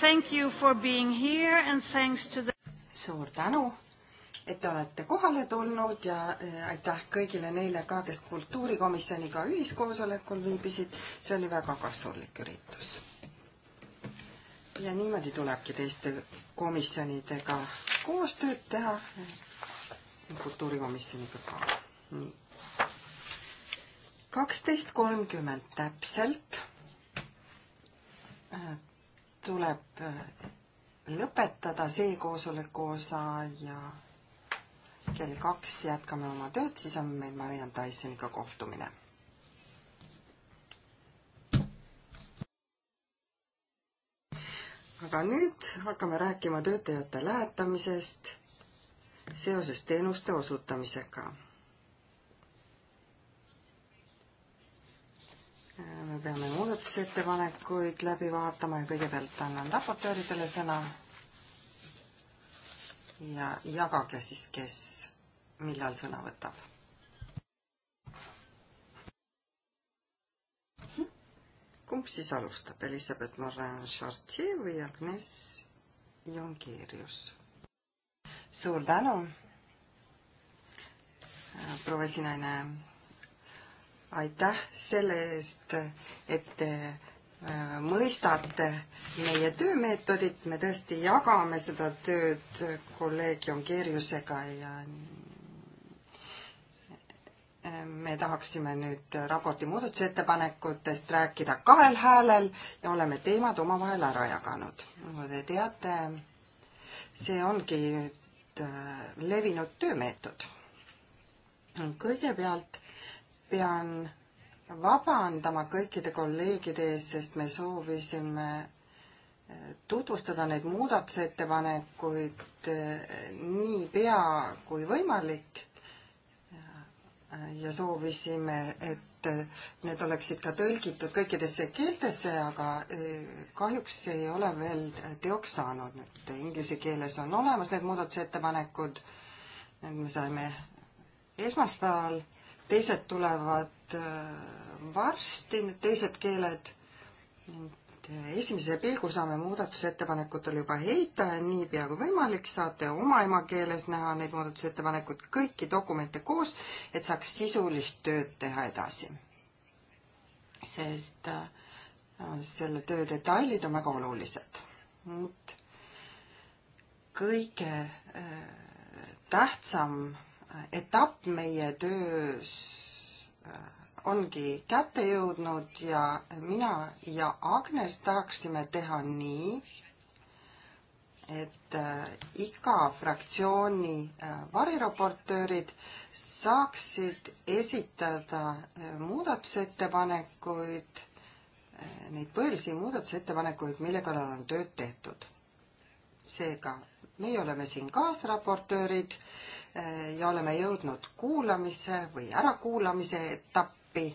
Thank you for being here and thanks to the suur tänu, et te olete kohale tulnud ja äh, aitäh kõigile neile ka, kes kultuurikomisjoniga ühiskoosolekul viibisid. see oli väga kasulik üritus. ja niimoodi tulebki teiste komisjonidega koostööd teha. kultuurikomisjoniga ka. nii. kaksteist kolmkümmend täpselt äh, tuleb äh, lõpetada see koosoleku osa ja kell kaks jätkame oma tööd, siis on meil Mariann Tysoniga kohtumine aga nüüd hakkame rääkima töötajate lähetamisest seoses teenuste osutamisega me peame muudatusettepanekuid läbi vaatama ja kõigepealt annan raportööridele sõna. ja jagage siis, kes millal sõna võtab. kumb siis alustab, Elizabeth Morin-Chartier või Agnes Jongeerius? suur tänu, proua esinaine aitäh selle eest, et te äh, mõistate meie töömeetodit, me tõesti jagame seda tööd kolleeg Jongeeriusega ja äh, me tahaksime nüüd raporti muudatusettepanekutest rääkida kahel häälel ja oleme teemad omavahel ära jaganud. nagu te teate, see ongi nüüd äh, levinud töömeetod. kõigepealt pean vabandama kõikide kolleegide ees, sest me soovisime eh, tutvustada neid muudatusettepanekuid eh, niipea kui võimalik ja soovisime, et eh, need oleksid ka tõlgitud kõikidesse keeltesse, aga kahjuks ei ole veel teoks saanud. nüüd inglise keeles on olemas need muudatusettepanekud, me saime esmaspäeval teised tulevad äh, varsti, need teised keeled. Äh, esimese pilgu saame muudatusettepanekutele juba heita ja niipea kui võimalik, saate oma emakeeles näha neid muudatusettepanekuid, kõiki dokumente koos, et saaks sisulist tööd teha edasi. sest äh, selle töö detailid on väga olulised. nüüd kõige tähtsam etapp meie töös äh, ongi kätte jõudnud ja mina ja Agnes tahaksime teha nii, et äh, iga fraktsiooni äh, variraportöörid saaksid esitada muudatusettepanekuid, neid põhilisi muudatusettepanekuid, mille kallal on tööd tehtud. seega meie oleme siin kaasraportöörid ja oleme jõudnud kuulamise või ärakuulamise etappi.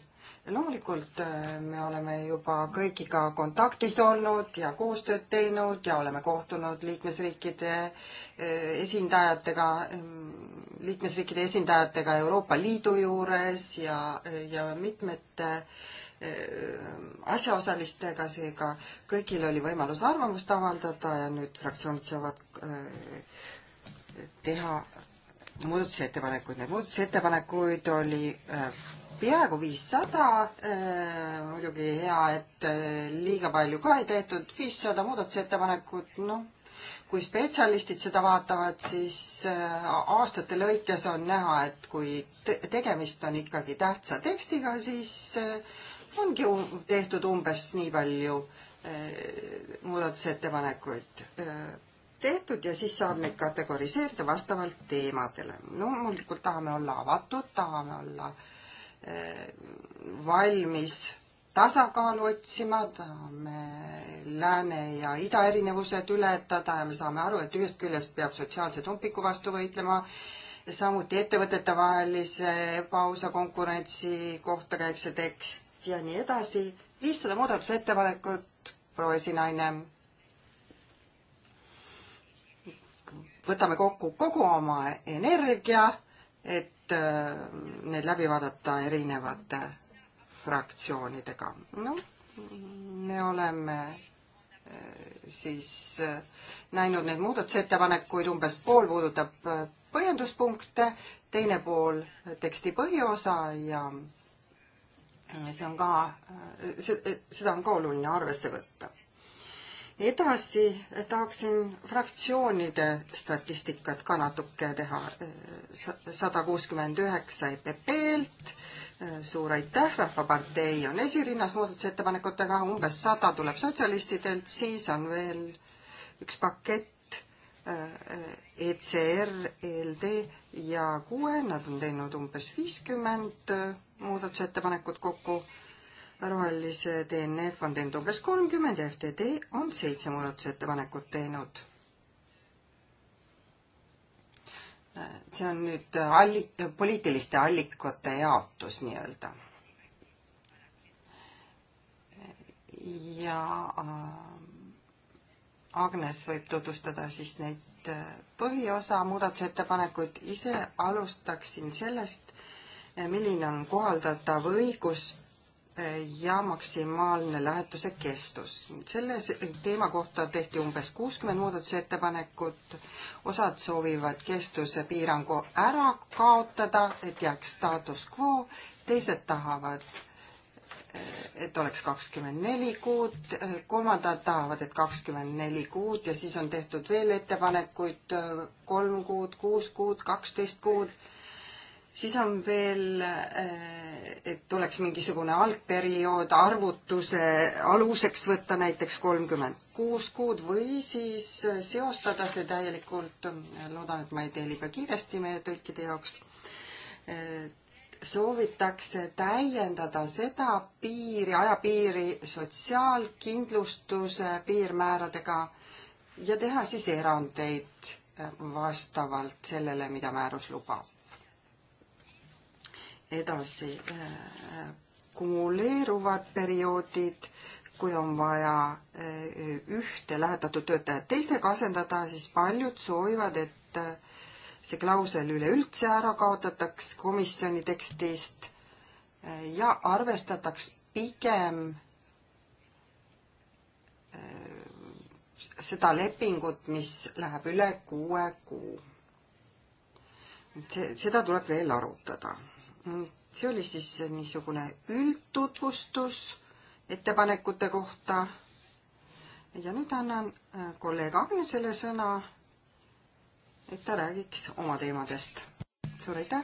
loomulikult äh, me oleme juba kõigiga kontaktis olnud ja koostööd teinud ja oleme kohtunud liikmesriikide äh, esindajatega, mm, liikmesriikide esindajatega Euroopa Liidu juures ja, ja mitmete äh, asjaosalistega, seega kõigil oli võimalus arvamust avaldada ja nüüd fraktsioonid saavad teha muudatusettepanekuid, neid muudatusettepanekuid oli äh, peaaegu viissada, äh, muidugi hea, et äh, liiga palju ka ei tehtud, viissada muudatusettepanekut, noh, kui spetsialistid seda vaatavad, siis aastate lõikes on näha, et kui tegemist on ikkagi tähtsa tekstiga, siis ongi tehtud umbes nii palju muudatusettepanekuid tehtud ja siis saab neid kategoriseerida vastavalt teemadele no,. loomulikult tahame olla avatud, tahame olla eh, valmis tasakaalu otsima, tahame lääne ja ida erinevused ületada ja me saame aru, et ühest küljest peab sotsiaalse tumpiku vastu võitlema, samuti ettevõtetevahelise ebaausa konkurentsi kohta käib see tekst ja nii edasi. viissada muudatusettepanekut, proua esinaine võtame kokku kogu oma energia, et äh, need läbi vaadata erinevate fraktsioonidega. noh, me oleme äh, siis äh, näinud neid muudatusettepanekuid, umbes pool puudutab põhjenduspunkte, teine pool teksti põhiosa ja see on ka, seda on ka oluline arvesse võtta edasi tahaksin fraktsioonide statistikat ka natuke teha. sada kuuskümmend üheksa EPP-lt, suur aitäh, Rahvapartei on esirinnas muudatusettepanekutega, umbes sada tuleb sotsialistidelt, siis on veel üks pakett äh, ECR, ELD ja QE, nad on teinud umbes viiskümmend äh, muudatusettepanekut kokku rohelise DNF on teinud umbes kolmkümmend ja FTD on seitse muudatusettepanekut teinud. see on nüüd alli-, poliitiliste allikute jaotus nii-öelda. ja äh, Agnes võib tutvustada siis neid äh, põhiosa muudatusettepanekuid, ise alustaksin sellest, milline on kohaldatav õigus ja maksimaalne lähetuse kestus. selle teema kohta tehti umbes kuuskümmend muudatusettepanekut, osad soovivad kestuse piirangu ära kaotada, et jääks status quo, teised tahavad, et oleks kakskümmend neli kuud, kolmandad tahavad, et kakskümmend neli kuud ja siis on tehtud veel ettepanekuid kolm kuud, kuus kuud, kaksteist kuud siis on veel, eh, et oleks mingisugune algperiood arvutuse aluseks võtta näiteks kolmkümmend kuus kuud või siis seostada see täielikult, loodan, et ma ei tee liiga kiiresti meie tõlkide jaoks, soovitakse täiendada seda piiri, ajapiiri sotsiaalkindlustuse piirmääradega ja teha siis erandeid vastavalt sellele, mida määrus lubab edasi äh, kumuleeruvad perioodid, kui on vaja äh, ühte lähetatud töötajat teisega asendada, siis paljud soovivad, et äh, see klausel üleüldse ära kaotataks komisjoni tekstist ja arvestataks pigem seda lepingut, mis läheb üle kuue kuu. see, seda tuleb veel arutada see oli siis niisugune üldtutvustus ettepanekute kohta. ja nüüd annan äh, kolleeg Agnesele sõna, et ta räägiks oma teemadest. suur aitäh!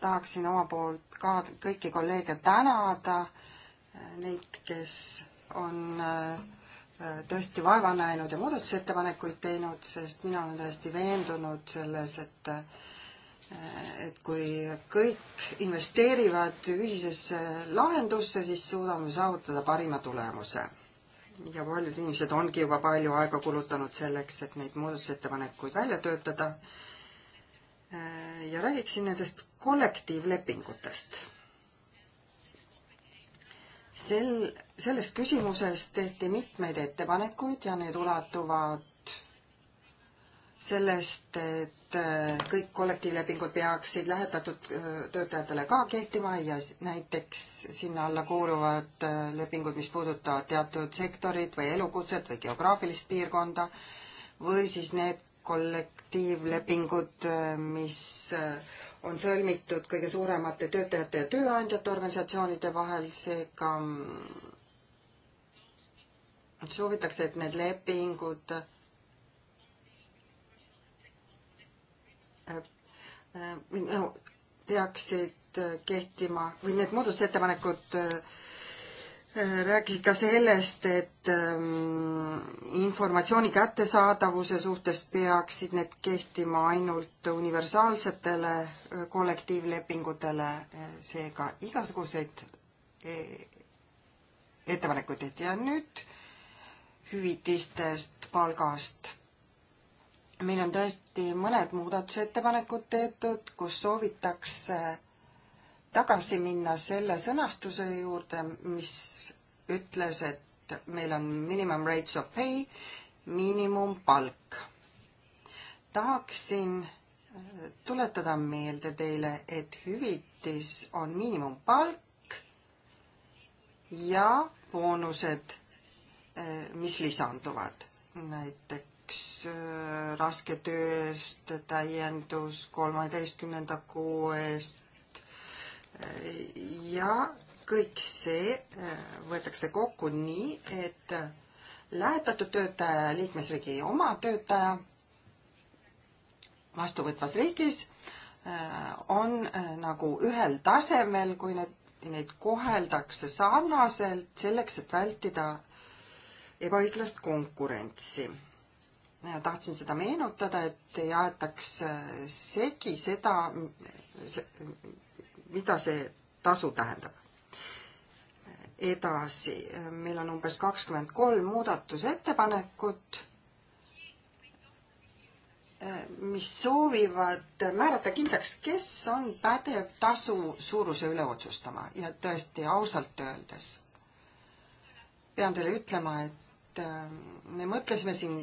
tahaksin oma poolt ka kõiki kolleege tänada, äh, neid, kes on äh, tõesti vaeva näinud ja muudatusettepanekuid teinud, sest mina olen täiesti veendunud selles, et et kui kõik investeerivad ühisesse lahendusse, siis suudame saavutada parima tulemuse. ja paljud inimesed ongi juba palju aega kulutanud selleks, et neid muudatusettepanekuid välja töötada. ja räägiksin nendest kollektiivlepingutest. sel, selles küsimuses tehti mitmeid ettepanekuid ja need ulatuvad sellest, et äh, kõik kollektiivlepingud peaksid lähetatud äh, töötajatele ka kehtima ja näiteks sinna alla kuuluvad äh, lepingud, mis puudutavad teatud sektorit või elukutset või geograafilist piirkonda või siis need kollektiivlepingud, mis on sõlmitud kõige suuremate töötajate ja tööandjate organisatsioonide vahel, seega mm, soovitakse, et need lepingud Äh, äh, peaksid äh, kehtima või need muudatusettepanekud rääkisid ka sellest, et ähm, informatsiooni kättesaadavuse suhtes peaksid need kehtima ainult universaalsetele kollektiivlepingutele, seega igasuguseid e, ettepanekuid tehti ja nüüd hüvitistest, palgast meil on tõesti mõned muudatusettepanekud tehtud, kus soovitakse tagasi minna selle sõnastuse juurde, mis ütles, et meil on minimum rates of pay, miinimumpalk. tahaksin äh, tuletada meelde teile, et hüvitis on miinimumpalk ja boonused, äh, mis lisanduvad. näiteks üks äh, raske töö eest täiendus kolmeteistkümnenda kuu eest ja kõik see äh, võetakse kokku nii, et äh, lähetatud töötaja ja liikmesriigi oma töötaja vastuvõtvas riigis on nagu ühel tasemel, kui need, neid koheldakse sarnaselt selleks, et vältida ebaõiglast konkurentsi ja tahtsin seda meenutada, et ei aetaks äh, segi seda, mida see tasu tähendab. edasi, äh, meil on umbes kakskümmend kolm muudatusettepanekut, äh, mis soovivad määrata kindlaks, kes on pädev tasu suuruse üle otsustama ja tõesti ausalt öeldes pean teile ütlema, et me mõtlesime siin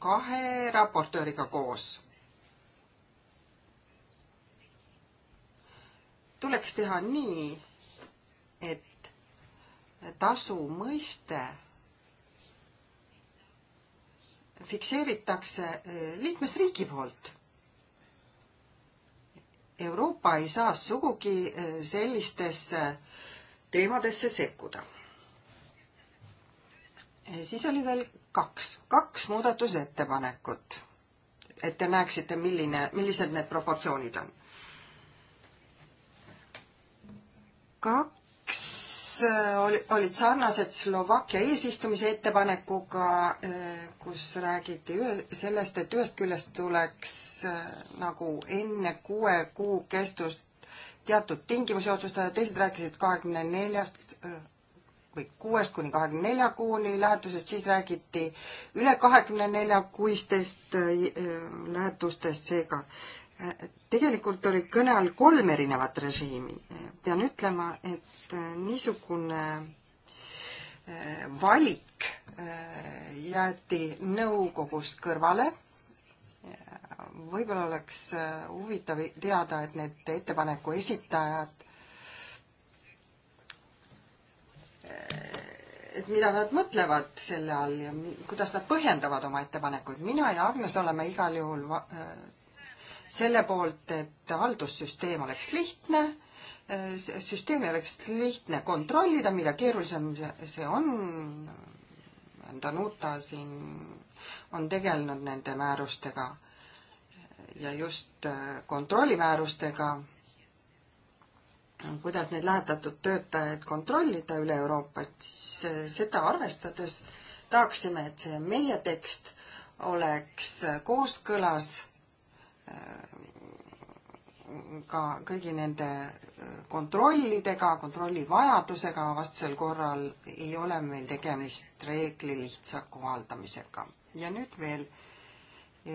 kahe raportööriga koos. tuleks teha nii, et tasu mõiste fikseeritakse eh, liikmesriigi poolt Euroopa ei saa sugugi eh, sellistesse teemadesse sekkuda. Eh, siis oli veel kaks, kaks muudatusettepanekut. et te näeksite, milline, millised need proportsioonid on. kaks äh, oli, olid sarnased Slovakkia eesistumise ettepanekuga, äh, kus räägiti ühe, sellest, et ühest küljest tuleks äh, nagu enne kuue kuu kestust teatud tingimusi otsustada, teised rääkisid kahekümne neljast või kuuest kuni kahekümne nelja kuuni lähetusest, siis räägiti üle kahekümne nelja kuistest äh, lähetustest, seega äh, tegelikult oli kõne all kolm erinevat režiimi. pean ütlema, et äh, niisugune valik jäeti nõukogust kõrvale. võib-olla oleks huvitav teada, et need ettepaneku esitajad et mida nad mõtlevad selle all ja kuidas nad põhjendavad oma ettepanekuid. mina ja Agnes oleme igal juhul äh, selle poolt, et haldussüsteem oleks lihtne, äh, süsteemi oleks lihtne kontrollida, mida keerulisem see on. Danuta siin on tegelenud nende määrustega ja just äh, kontrollimäärustega kuidas neid lähetatud töötajaid kontrollida üle Euroopa, et siis äh, seda arvestades tahaksime, et see meie tekst oleks kooskõlas äh, ka kõigi nende äh, kontrollidega, kontrolli vajadusega, vastasel korral ei ole meil tegemist reegli lihtsa kohaldamisega. ja nüüd veel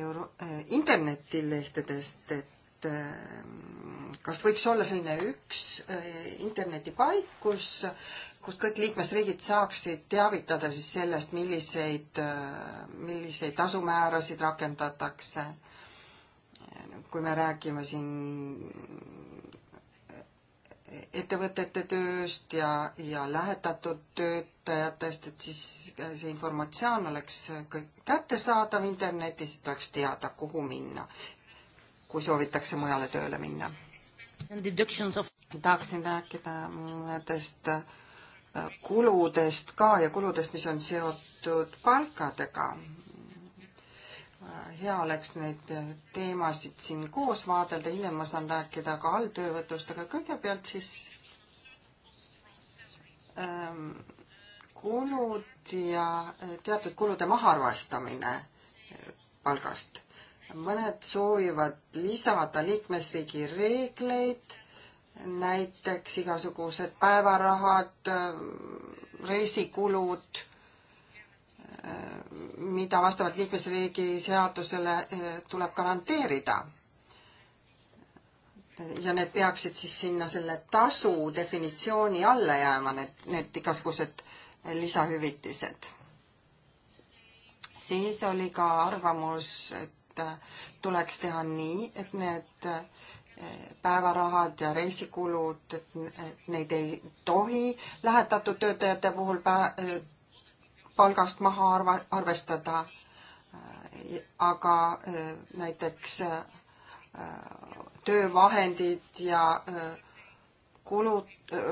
euro-, internetilehtedest, et et ehm, kas võiks olla selline üks eh, internetipaik, kus, kus kõik liikmesriigid saaksid teavitada siis sellest, milliseid, eh, milliseid tasumäärasid rakendatakse. kui me räägime siin ettevõtete tööst ja, ja lähetatud töötajatest, et siis see informatsioon oleks kõik kättesaadav internetis, et oleks teada, kuhu minna kui soovitakse mujale tööle minna. tahaksin rääkida mõnedest äh, kuludest ka ja kuludest, mis on seotud palkadega. Äh, hea oleks neid teemasid siin koos vaadelda, hiljem ma saan rääkida ka alltöövõtust, aga kõigepealt siis ähm, kulud ja äh, teatud kulude mahaarvastamine palgast mõned soovivad lisada liikmesriigi reegleid, näiteks igasugused päevarahad, reisikulud, mida vastavalt liikmesriigi seadusele eh, tuleb garanteerida. ja need peaksid siis sinna selle tasu definitsiooni alla jääma, need, need igasugused lisahüvitised. siis oli ka arvamus, et et äh, tuleks teha nii, et need äh, päevarahad ja reisikulud, et neid ei tohi lähetatud töötajate puhul pä-, äh, palgast maha arva, arvestada, aga näiteks töövahendid ja kulud,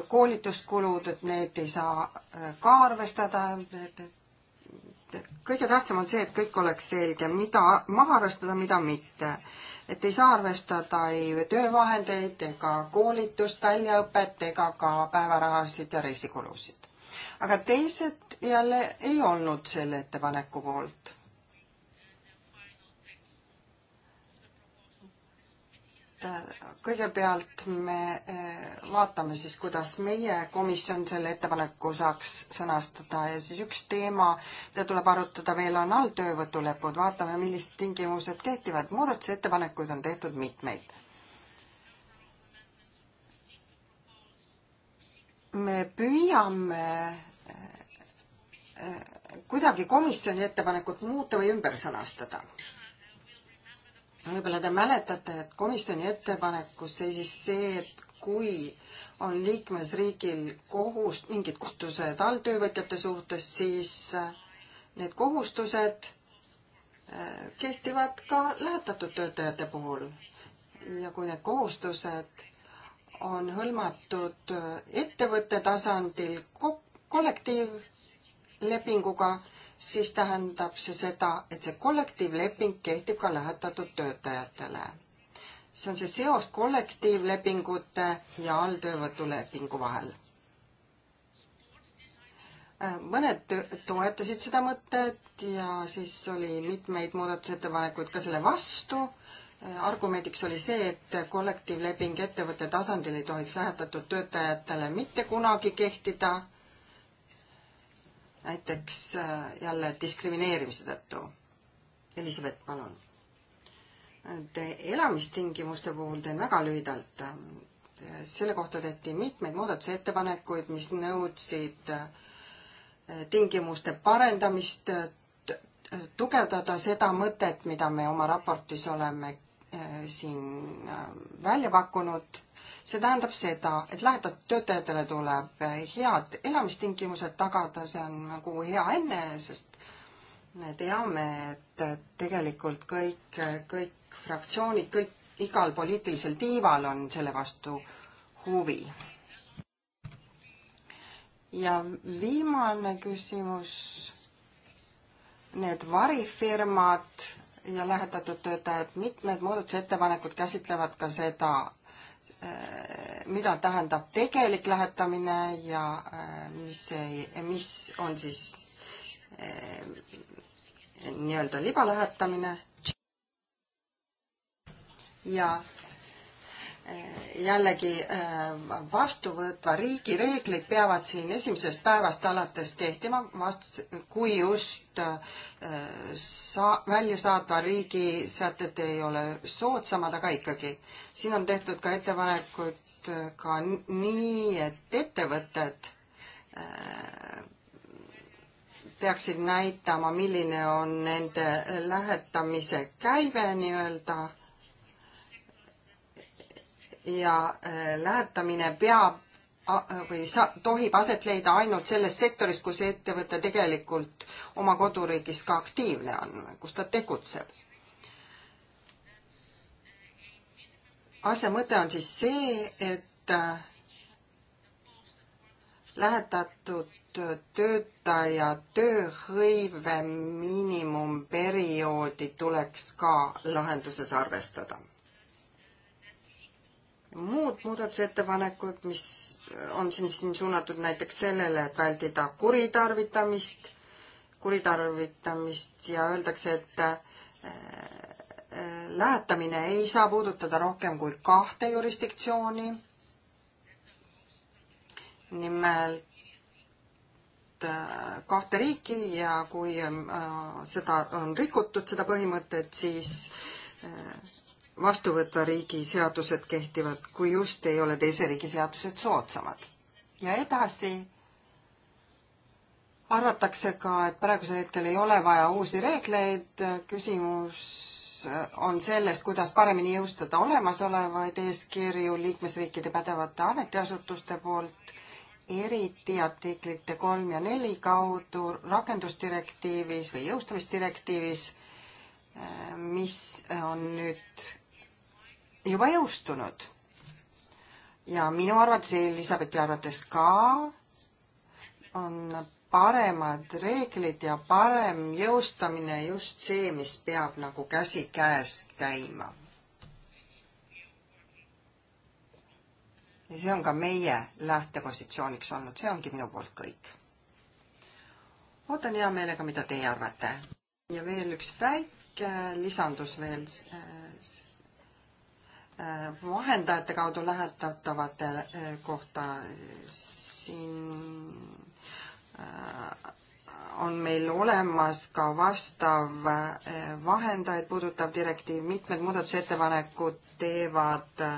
koolituskulud, et need ei saa ka arvestada, et, et kõige tähtsam on see, et kõik oleks selge, mida maha arvestada, mida mitte. et ei saa arvestada ei töövahendeid ega koolitust, väljaõpet ega ka päevarahasid ja reisikulusid. aga teised jälle ei olnud selle ettepaneku poolt. kõigepealt me eh, vaatame siis, kuidas meie komisjon selle ettepaneku saaks sõnastada ja siis üks teema, mida tuleb arutada veel, on alltöövõtulepud, vaatame, millised tingimused kehtivad, muudatusettepanekuid on tehtud mitmeid. me püüame eh, eh, kuidagi komisjoni ettepanekut muuta või ümber sõnastada võib-olla te mäletate, et komisjoni ettepanekus seisis see, et kui on liikmesriigil kohus, mingid kohustused alltöövõtjate suhtes, siis äh, need kohustused äh, kehtivad ka lähetatud töötajate puhul. ja kui need kohustused on hõlmatud äh, ettevõtte tasandil kollektiivlepinguga, siis tähendab see seda, et see kollektiivleping kehtib ka lähetatud töötajatele. see on see seos kollektiivlepingute ja alltöövõtulepingu vahel. Äh, mõned toetasid seda mõtet ja siis oli mitmeid muudatusettepanekuid ka selle vastu äh, argumendiks oli see, et kollektiivleping ettevõtte tasandil ei tohiks lähetatud töötajatele mitte kunagi kehtida näiteks äh, jälle diskrimineerimise tõttu. Elisabeth, palun. nüüd elamistingimuste puhul teen väga lühidalt. selle kohta tehti mitmeid muudatusettepanekuid, mis nõudsid äh, tingimuste parendamist, tugevdada seda mõtet, mida me oma raportis oleme äh, siin välja pakkunud see tähendab seda, et lähetatud töötajatele tuleb head elamistingimused tagada, see on nagu hea enne, sest me teame, et tegelikult kõik, kõik fraktsioonid, kõik, igal poliitilisel tiival on selle vastu huvi. ja viimane küsimus. Need varifirmad ja lähetatud töötajad, mitmed muudatusettepanekud käsitlevad ka seda Äh, mida tähendab tegelik lähetamine ja äh, mis, mis on siis äh, nii-öelda libalähetamine. ja jällegi äh, vastuvõtva riigi reeglid peavad siin esimesest päevast alates kehtima, vast-, kui just äh, saa-, väljasaatva riigi sätted ei ole soodsamad, aga ikkagi. siin on tehtud ka ettepanekuid äh, ka nii, et ettevõtted peaksid näitama, milline on nende lähetamise käive nii-öelda ja äh, lähetamine peab või sa-, tohib aset leida ainult selles sektoris, kus ettevõte tegelikult oma koduriigis ka aktiivne on, kus ta tegutseb. asja mõte on siis see, et äh, lähetatud töötaja tööhõive miinimumperioodi tuleks ka lahenduses arvestada muud muudatusettepanekud, mis on siin, siin suunatud näiteks sellele, et vältida kuritarvitamist, kuritarvitamist ja öeldakse, et äh, äh, lähetamine ei saa puudutada rohkem kui kahte jurisdiktsiooni. nimelt äh, kahte riiki ja kui seda on rikutud, seda põhimõtet, siis vastuvõtva riigi seadused kehtivad, kui just ei ole teise riigi seadused soodsamad. ja edasi arvatakse ka, et praegusel hetkel ei ole vaja uusi reegleid, küsimus on sellest, kuidas paremini jõustada olemasolevaid eeskirju liikmesriikide pädevate ametiasutuste poolt, eriti artiklite kolm ja neli kaudu rakendusdirektiivis või jõustamisdirektiivis mis on nüüd juba jõustunud. ja minu arvates, Elisabethi arvates ka, on paremad reeglid ja parem jõustamine just see, mis peab nagu käsikäes käima. ja see on ka meie lähtepositsiooniks olnud, see ongi minu poolt kõik. ootan hea meelega, mida teie arvate. ja veel üks väike lisandus veel äh, vahendajate kaudu lähetatavate eh, kohta, siin eh, on meil olemas ka vastav eh, vahendajaid puudutav direktiiv, mitmed muudatusettepanekud teevad äh,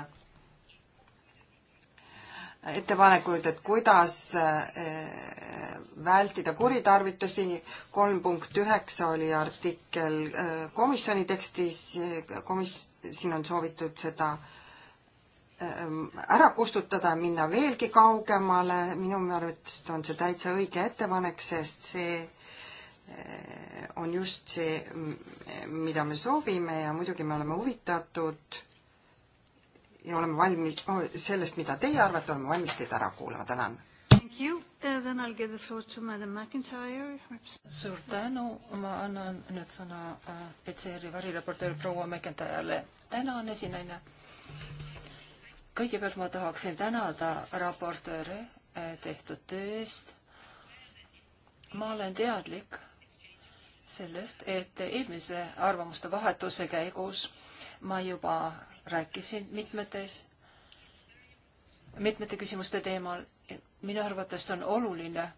ettepanekuid, et kuidas äh, vältida kuritarvitusi. kolm punkt üheksa oli artikkel äh, komisjoni tekstis, komis-, siin on soovitud seda äh, ära kustutada, minna veelgi kaugemale, minu arvates on see täitsa õige ettepanek, sest see on just see, mida me soovime ja muidugi me oleme huvitatud ja oleme valmis, oh, sellest, mida teie arvate, oleme valmis teid ära kuulama, tänan. Uh, suur tänu, ma annan nüüd sõna PCR-i uh, varireportöör proua McIntyre'le. tänan, esinaine. kõigepealt ma tahaksin tänada raportööre uh, tehtud töö eest. ma olen teadlik sellest, et eelmise arvamuste vahetuse käigus ma juba rääkisin mitmetes, mitmete küsimuste teemal. minu arvates on oluline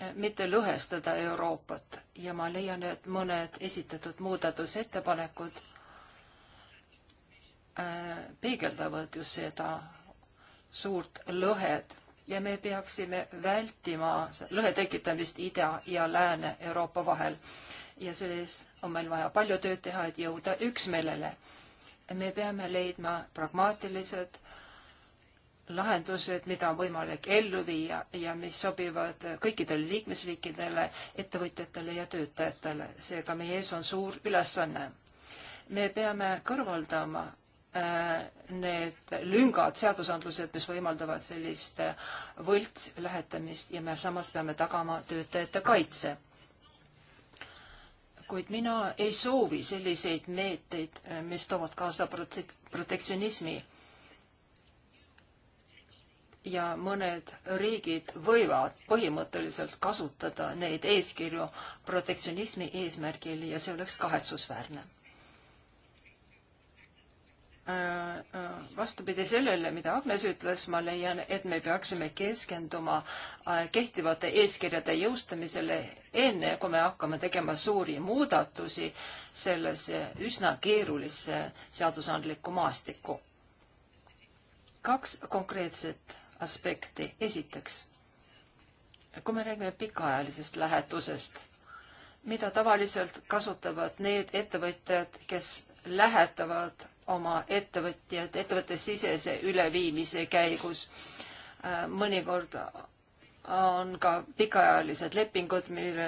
eh, mitte lõhestada Euroopat ja ma leian, et mõned esitatud muudatusettepanekud eh, peegeldavad just seda suurt lõhet ja me peaksime vältima lõhe tekitamist Ida ja Lääne-Euroopa vahel ja selles on meil vaja palju tööd teha, et jõuda üksmeelele. me peame leidma pragmaatilised lahendused, mida on võimalik ellu viia ja mis sobivad kõikidele liikmesriikidele, ettevõtjatele ja töötajatele. seega meie ees on suur ülesanne. me peame kõrvaldama äh, need lüngad, seadusandlused, mis võimaldavad sellist võltslähetamist ja me samas peame tagama töötajate kaitse kuid mina ei soovi selliseid meeteid, mis toovad kaasa protek protektsionismi. ja mõned riigid võivad põhimõtteliselt kasutada neid eeskirju protektsionismi eesmärgil ja see oleks kahetsusväärne Äh, äh, vastupidi sellele, mida Agnes ütles, ma leian, et me peaksime keskenduma äh, kehtivate eeskirjade jõustamisele enne, kui me hakkame tegema suuri muudatusi sellesse üsna keerulisse seadusandlikku maastikku. kaks konkreetset aspekti. esiteks, kui me räägime pikaajalisest lähetusest, mida tavaliselt kasutavad need ettevõtjad, kes lähetavad oma ettevõtjad ettevõttesisese üleviimise käigus. Äh, mõnikord on ka pikaajalised lepingud, mille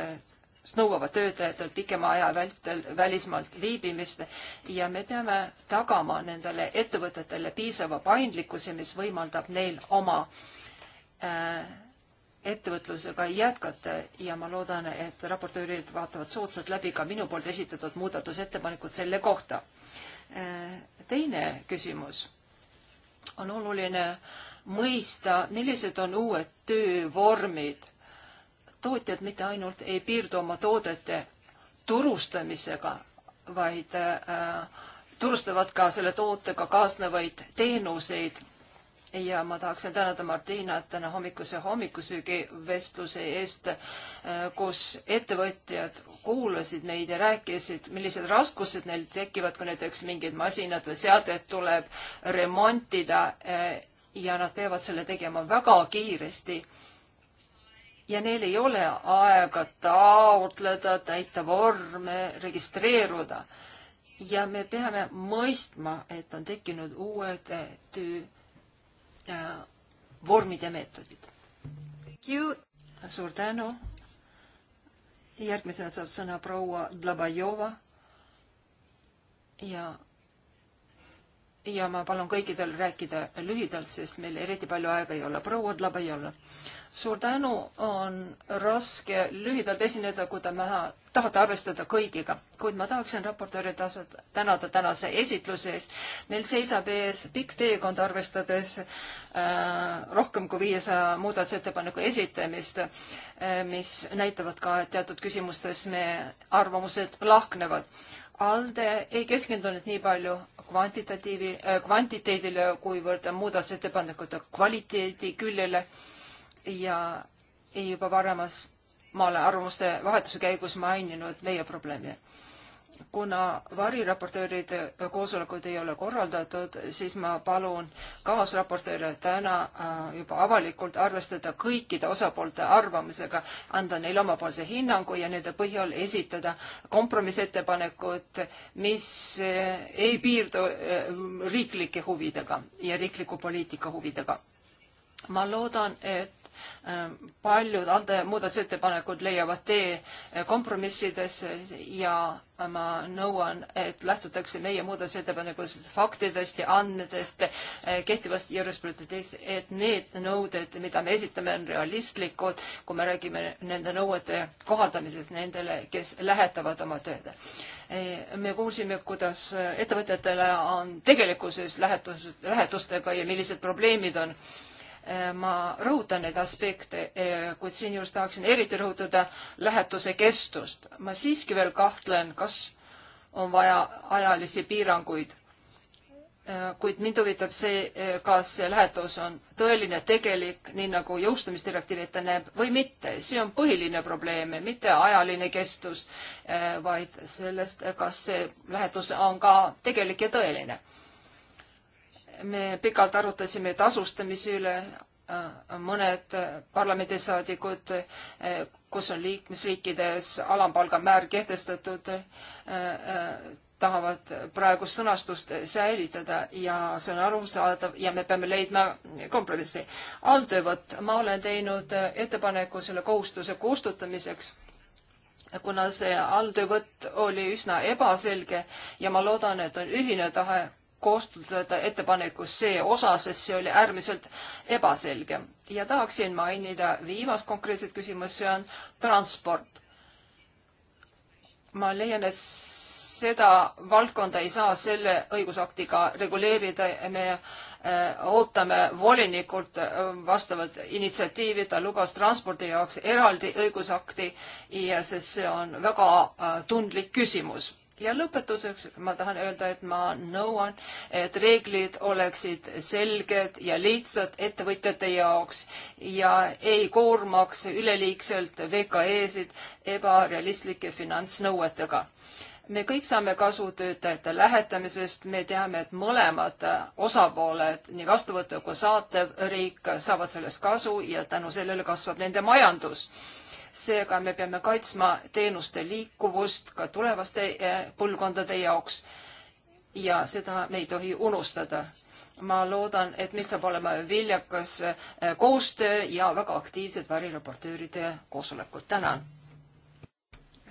nõuavad töötajatel pikema aja vältel välismaalt viibimist ja me peame tagama nendele ettevõtetele piisava paindlikkuse, mis võimaldab neil oma äh, ettevõtlusega jätkata ja ma loodan, et raportöörid vaatavad soodsalt läbi ka minu poolt esitatud muudatusettepanekud selle kohta. Äh, teine küsimus. on oluline mõista, millised on uued töövormid. tootjad mitte ainult ei piirdu oma toodete turustamisega, vaid äh, turustavad ka selle tootega kaasnevaid teenuseid ja ma tahaksin tänada Martinat täna hommikuse hommikusöögi vestluse eest, äh, kus ettevõtjad kuulasid meid ja rääkisid, millised raskused neil tekivad, kui näiteks mingid masinad või seaded tuleb remontida äh, ja nad peavad selle tegema väga kiiresti ja neil ei ole aega taotleda, täita vorme, registreeruda. ja me peame mõistma, et on tekkinud uued äh, töö Äh, vormid ja meetodid. suur tänu. järgmisena saab sõna proua Dlabajova. ja, ja ma palun kõikidel rääkida lühidalt, sest meil eriti palju aega ei ole. proua Dlabajova suur tänu, on raske lühidalt esineda, kui te tahate arvestada kõigiga, kuid ma tahaksin raportööri taset tänada tänase esitluse eest. meil seisab ees pikk teekond, arvestades äh, rohkem kui viiesaja muudatusettepaneku esitamist äh,, mis näitavad ka, et teatud küsimustes me arvamused lahknevad ALDE ei keskendunud nii palju kvantitatiivi, äh, kvantiteedile, kuivõrd muudatusettepanekute kvaliteedi küljele äh, ja juba varemas ma olen arvamuste vahetuse käigus maininud meie probleemi. kuna variraportööride koosolekud ei ole korraldatud, siis ma palun kaasraportööre täna äh, juba avalikult arvestada kõikide osapoolte arvamusega, anda neile omapoolse hinnangu ja nende põhjal esitada kompromissettepanekud, mis äh, ei piirdu äh, riiklike huvidega ja riikliku poliitika huvidega ma loodan, et Ähm, paljud ALDE muudatusettepanekud leiavad tee äh, kompromissidesse ja ma nõuan, et lähtutakse meie muudatusettepanekust faktidest ja andmetest äh, kehtivast jurisprudentsist, et need nõuded, mida me esitame, on realistlikud, kui me räägime nende nõuete kohaldamisest nendele, kes lähetavad oma tööle. Äh, me kuulsime, kuidas ettevõtetele on tegelikkuses lähetus, lähetustega ja millised probleemid on Eh, ma rõhutan neid aspekte, eh, kuid siinjuures tahaksin eriti rõhutada lähetuse kestust. ma siiski veel kahtlen, kas on vaja ajalisi piiranguid. Eh, kuid mind huvitab see, kas see lähetus on tõeline, tegelik, nii nagu jõustumisdirektiiv ette näeb, või mitte. see on põhiline probleem, mitte ajaline kestus, vaid sellest, kas see lähetus on ka tegelik ja tõeline me pikalt arutasime tasustamise üle, äh, mõned parlamendisaadikud, äh, kus on liikmesriikides alampalga määr kehtestatud, äh, tahavad praegust sõnastust säilitada ja see on arusaadav ja me peame leidma kompromissi. alltöövõtt, ma olen teinud ettepaneku selle kohustuse kustutamiseks kuna see alltöövõtt oli üsna ebaselge ja ma loodan, et on ühine tahe koostada ettepanekus see osa, sest see oli äärmiselt ebaselge. ja tahaksin mainida viimast konkreetset küsimust, see on transport. ma leian, et seda valdkonda ei saa selle õigusaktiga reguleerida ja me äh, ootame volinikult äh, vastavat initsiatiivi, ta lubas transpordi jaoks eraldi õigusakti ja sest see on väga äh, tundlik küsimus ja lõpetuseks ma tahan öelda, et ma nõuan, et reeglid oleksid selged ja lihtsad ettevõtjate jaoks ja ei koormaks üleliigselt VKE-sid ebarealistlike finantsnõuetega. me kõik saame kasu töötajate lähetamisest, me teame, et mõlemad osapooled, nii vastuvõttev kui saatev riik, saavad sellest kasu ja tänu sellele kasvab nende majandus seega me peame kaitsma teenuste liikuvust ka tulevaste eh, põlvkondade jaoks ja seda me ei tohi unustada. ma loodan, et meil saab olema viljakas eh, koostöö ja väga aktiivsed variraportööride koosolekud. tänan.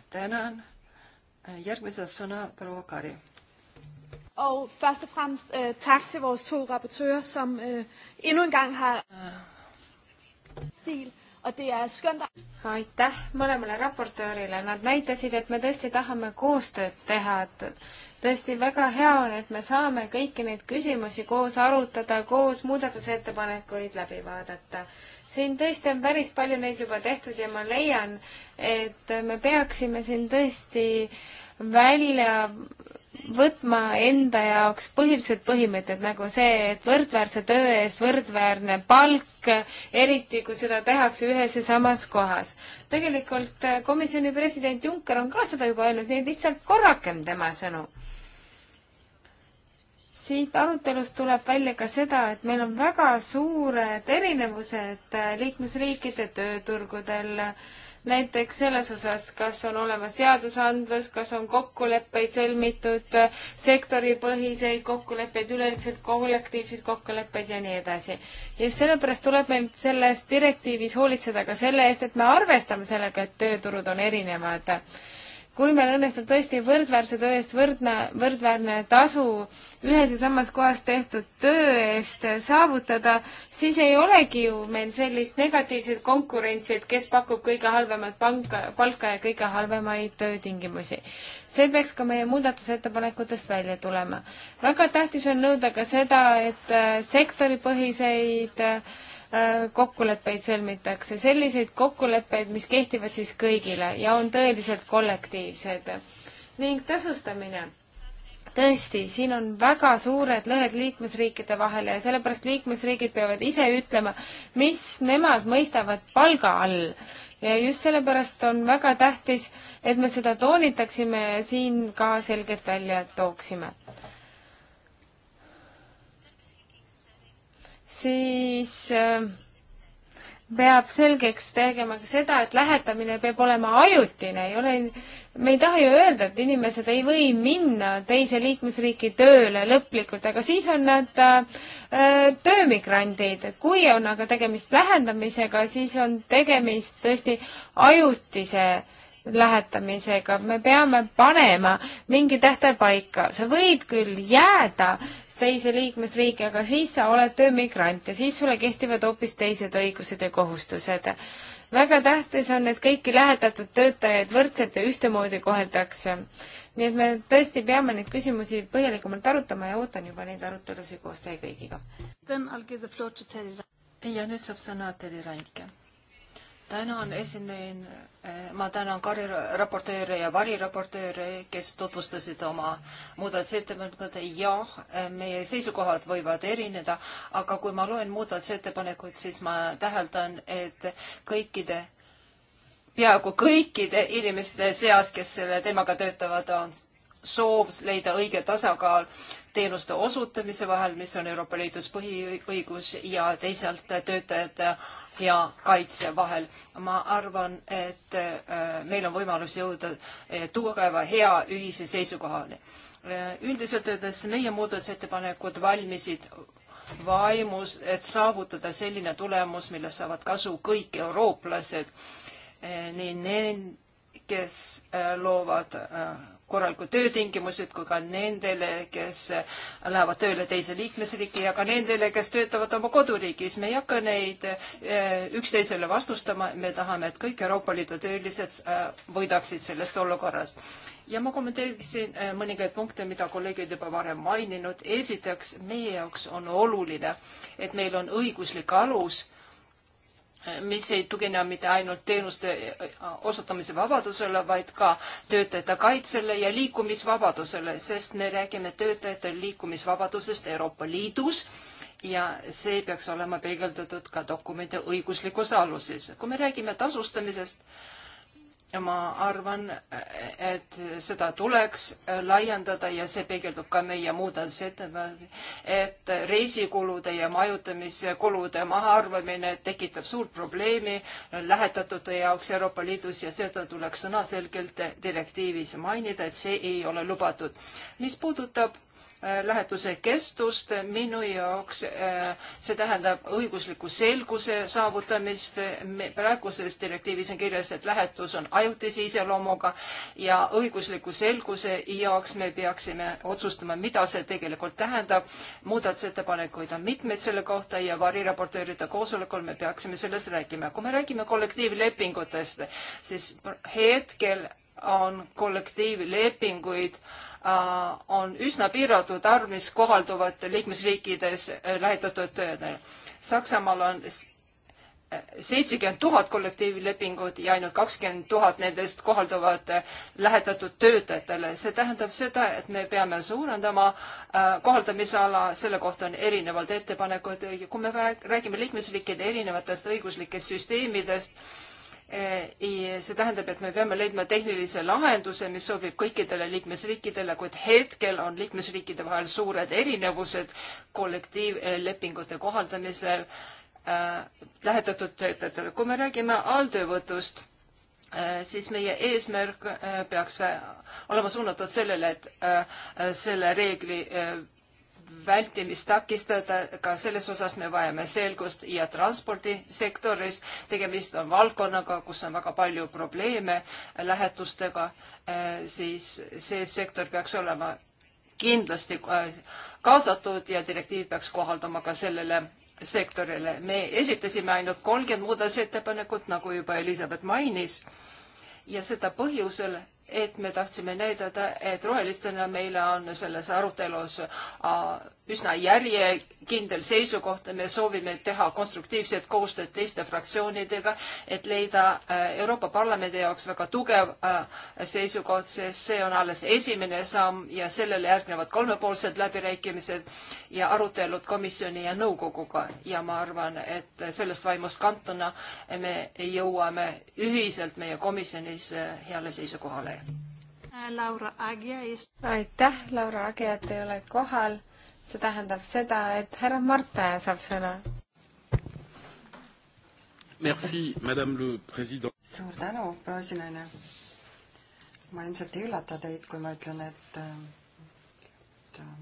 tänan. Eh, järgmisena sõna proua Kari. Og først og fremmest øh, eh, tak til vores to rapportører, som øh, eh, endnu en gang har øh, stil. Er aitäh mõlemale raportöörile, nad näitasid, et me tõesti tahame koostööd teha, et tõesti väga hea on, et me saame kõiki neid küsimusi koos arutada, koos muudatusettepanekuid läbi vaadata. siin tõesti on päris palju neid juba tehtud ja ma leian, et me peaksime siin tõesti välja võtma enda jaoks põhilised põhimõtted, nagu see, et võrdväärse töö eest võrdväärne palk, eriti kui seda tehakse ühes ja samas kohas. tegelikult äh, komisjoni president Juncker on ka seda juba öelnud, nii et lihtsalt korrakem tema sõnu. siit arutelust tuleb välja ka seda, et meil on väga suured erinevused äh, liikmesriikide tööturgudel äh, näiteks selles osas, kas on olemas seadusandlus, kas on kokkuleppeid sõlmitud, sektoripõhiseid kokkuleppeid, üleüldiselt kollektiivseid kokkuleppeid ja nii edasi. just sellepärast tuleb meil selles direktiivis hoolitseda ka selle eest, et me arvestame sellega, et tööturud on erinevad kui meil õnnestub tõesti võrdväärse töö eest võrdne, võrdväärne tasu ühes ja samas kohas tehtud töö eest saavutada, siis ei olegi ju meil sellist negatiivset konkurentsi, et kes pakub kõige halvemat panka, palka ja kõige halvemaid töötingimusi. see peaks ka meie muudatusettepanekutest välja tulema. väga tähtis on nõuda ka seda, et äh, sektoripõhiseid äh, Äh, kokkuleppeid sõlmitakse, selliseid kokkuleppeid, mis kehtivad siis kõigile ja on tõeliselt kollektiivsed. ning tasustamine. tõesti, siin on väga suured lõhed liikmesriikide vahel ja sellepärast liikmesriigid peavad ise ütlema, mis nemad mõistavad palga all ja just sellepärast on väga tähtis, et me seda toonitaksime ja siin ka selgelt välja tooksime. siis äh, peab selgeks tegema ka seda, et lähetamine peab olema ajutine, ei ole, me ei taha ju öelda, et inimesed ei või minna teise liikmesriiki tööle lõplikult, aga siis on nad äh, töömigrandid. kui on aga tegemist lähendamisega, siis on tegemist tõesti ajutise äh, lähetamisega, me peame panema mingi tähtaja paika, sa võid küll jääda teise liikmesriigi, aga siis sa oled töömigrant ja siis sulle kehtivad hoopis teised õigused ja kohustused. väga tähtis on, et kõiki lähetatud töötajaid võrdselt ja ühtemoodi koheldakse. nii et me tõesti peame neid küsimusi põhjalikumalt arutama ja ootan juba neid arutelusid koos teie kõigiga. ja nüüd saab sõna Terje Randke tänan, esinen, ma tänan Kari raportööre ja variraportööre, kes tutvustasid oma muudatusettepanekud. jah, meie seisukohad võivad erineda, aga kui ma loen muudatusettepanekuid, siis ma täheldan, et kõikide, peaaegu kõikide inimeste seas, kes selle teemaga töötavad, on soov leida õige tasakaal teenuste osutamise vahel, mis on Euroopa Liidus põhiõigus ja teisalt töötajate ja kaitse vahel. ma arvan, et äh, meil on võimalus jõuda äh, tugeva hea ühise seisukohani. Äh, üldiselt öeldes meie muudatusettepanekud valmisid vaimus, et saavutada selline tulemus, millest saavad kasu kõik eurooplased, nii need, kes loovad korralikud töötingimused kui ka nendele, kes lähevad tööle teise liikmesriiki ja ka nendele, kes töötavad oma koduriigis. me ei hakka neid eh, üksteisele vastustama, me tahame, et kõik Euroopa Liidu töölised eh, võidaksid sellest olukorrast. ja ma kommenteeriksin eh, mõningaid punkte, mida kolleegid juba varem maininud. esiteks, meie jaoks on oluline, et meil on õiguslik alus mis ei tugine mitte ainult teenuste äh, osutamise vabadusele, vaid ka töötajate kaitsele ja liikumisvabadusele, sest me räägime töötajate liikumisvabadusest Euroopa Liidus ja see peaks olema peegeldatud ka dokumendi õiguslikus aluses. kui me räägime tasustamisest, ja ma arvan, et seda tuleks laiendada ja see peegeldub ka meie muudatusettepanek, et reisikulude ja majutamiskulude mahaarvamine tekitab suurt probleemi lähetatute jaoks Euroopa Liidus ja seda tuleks sõnaselgelt direktiivis mainida, et see ei ole lubatud. mis puudutab lähetuse kestust, minu jaoks äh, see tähendab õigusliku selguse saavutamist. praeguses direktiivis on kirjas, et lähetus on ajutise iseloomuga ja õigusliku selguse jaoks me peaksime otsustama, mida see tegelikult tähendab. muudatusettepanekuid on mitmeid selle kohta ja variraportööride koosolekul me peaksime sellest rääkima. kui me räägime kollektiivlepingutest, siis hetkel on kollektiivlepinguid äh, Äh, on üsna piiratud arv, mis kohalduvad liikmesriikides äh, lähetatud töödele. Saksamaal on äh, seitsekümmend tuhat kollektiivlepingut ja ainult kakskümmend tuhat nendest kohalduvad lähetatud töötajatele. see tähendab seda, et me peame suurendama kohaldamisala, selle kohta on erinevad ettepanekud. kui me räägime liikmesriikide erinevatest õiguslikest süsteemidest, see tähendab, et me peame leidma tehnilise lahenduse, mis sobib kõikidele liikmesriikidele, kuid hetkel on liikmesriikide vahel suured erinevused kollektiivlepingute kohaldamisel äh, lähetatud töötajatele. kui me räägime alltöövõtust äh,, siis meie eesmärk äh, peaks äh, olema suunatud sellele, et äh, äh, selle reegli vältimist takistada, ka selles osas me vajame selgust ja transpordisektoris tegemist on valdkonnaga, kus on väga palju probleeme lähetustega, äh, siis see sektor peaks olema kindlasti äh, kaasatud ja direktiiv peaks kohalduma ka sellele sektorile. me esitasime ainult kolmkümmend muudatusettepanekut, nagu juba Elizabeth mainis ja seda põhjusel, et me tahtsime näidata, et rohelistena meile on selles arutelus äh, üsna järjekindel seisukoht ja me soovime teha konstruktiivset koostööd teiste fraktsioonidega, et leida äh, Euroopa Parlamendi jaoks väga tugev äh, seisukoht, sest see on alles esimene samm ja sellele järgnevad kolmepoolsed läbirääkimised ja arutelud komisjoni ja nõukoguga ja ma arvan, et sellest vaimust kantuna me jõuame ühiselt meie komisjonis äh, heale seisukohale. Laura Agia is-. aitäh, Laura Agia, et ei ole kohal see tähendab seda, et härra Marta saab sõna. Merci, madame le president. suur tänu, proua Sinine. ma ilmselt ei üllata teid, kui ma ütlen, et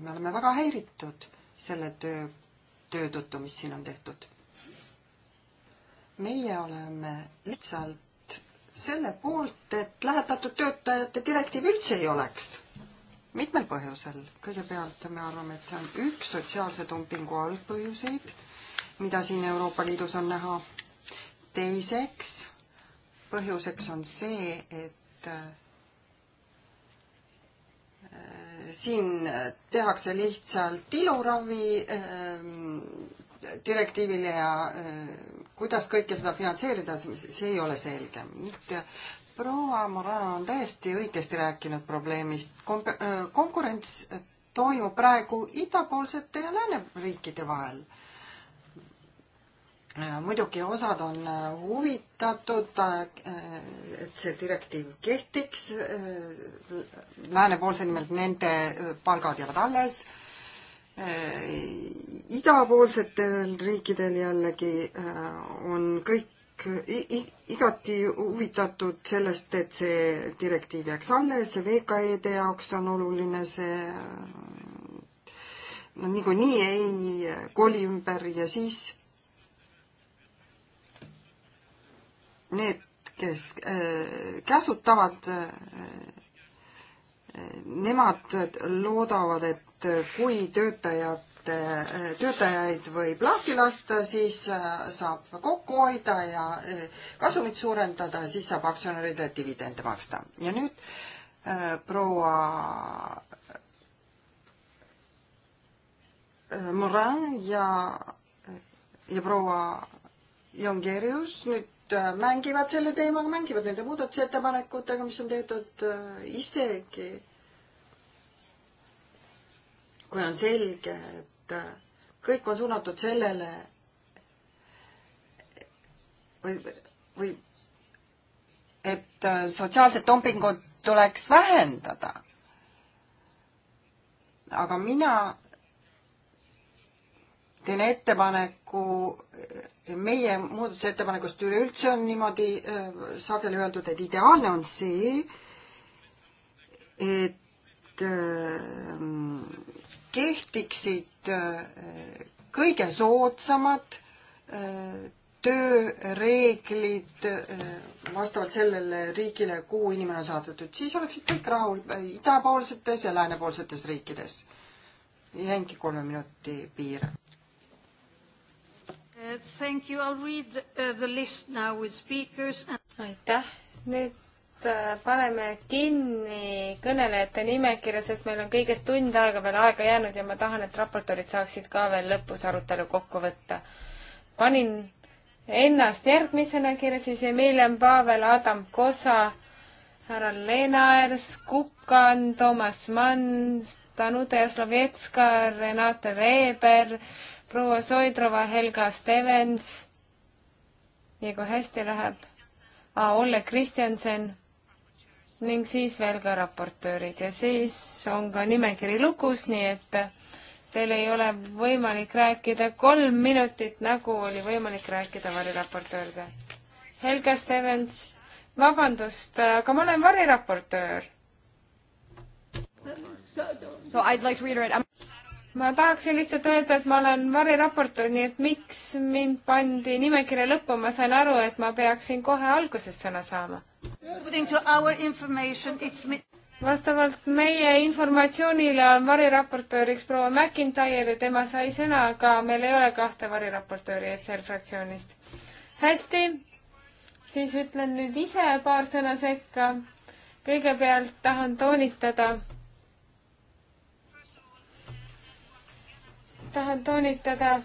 me oleme väga häiritud selle töö, töö tõttu, mis siin on tehtud. meie oleme lihtsalt selle poolt, et lähetatud töötajate direktiiv üldse ei oleks mitmel põhjusel. kõigepealt me arvame, et see on üks sotsiaalse dumpingu algpõhjuseid, mida siin Euroopa Liidus on näha. teiseks põhjuseks on see, et äh, siin tehakse lihtsalt tiluravi äh, direktiivile ja äh, kuidas kõike seda finantseerida, see ei ole selge. nüüd proua Morano on täiesti õigesti rääkinud probleemist. Komp-, äh, konkurents toimub praegu idapoolsete ja lääneriikide vahel. Äh, muidugi osad on äh, huvitatud, et see direktiiv kehtiks, läänepoolse nimelt nende palgad jäävad alles, idapoolsetel riikidel jällegi on kõik igati huvitatud sellest, et see direktiiv jääks alles, VKE-de jaoks on oluline see no niikuinii ei koli ümber ja siis need, kes äh, käsutavad, äh, äh, nemad loodavad, et kui töötajad et eh, töötajaid võib lahti lasta, siis eh, saab kokku hoida ja eh, kasumit suurendada, siis saab aktsionäridele dividende maksta. ja nüüd proua Morin ja, ja proua Jongerius nüüd mängivad selle teemaga, mängivad nende muudatusettepanekutega, mis on tehtud isegi kui on selge, kõik on suunatud sellele või, või et äh, sotsiaalset dumpingut tuleks vähendada. aga mina teen ettepaneku, äh, meie muudatusettepanekust üleüldse on niimoodi äh, sageli öeldud, et ideaalne on see, et kehtiksid äh, kõige soodsamad äh, tööreeglid äh, vastavalt sellele riigile, kuhu inimene on saadetud, siis oleksid kõik rahul idapoolsetes ja läänepoolsetes riikides. jäingi kolme minuti piire. Uh, thank you, I will read uh, the list now with speakers and.... aitäh, nüüd Äh, paneme kinni kõnelejate nimekirja, sest meil on kõigest tund aega veel aega jäänud ja ma tahan, et raportorid saaksid ka veel lõpus arutelu kokku võtta. panin ennast järgmisena kirja, siis Emilian Pavel, Adam Kosa, härra Lenaers, Kukan, Toomas Mann, Danuta Jaslovetska, Renate Veeber, proua Soidrova, Helga Stevens ja kui hästi läheb, Olle Kristjansen ning siis veel ka raportöörid ja siis on ka nimekiri lukus, nii et teil ei ole võimalik rääkida kolm minutit, nagu oli võimalik rääkida variraportööridel. Helga Stevens, vabandust, aga ma olen variraportöör. Like ma tahaksin lihtsalt öelda, et ma olen variraportöör, nii et miks mind pandi nimekirja lõppu, ma sain aru, et ma peaksin kohe alguses sõna saama vastavalt meie informatsioonile on variraportööriks proua McIntyre ja tema sai sõna, aga meil ei ole kahte variraportööri ETSR fraktsioonist. hästi, siis ütlen nüüd ise paar sõna sekka. kõigepealt tahan toonitada, tahan toonitada,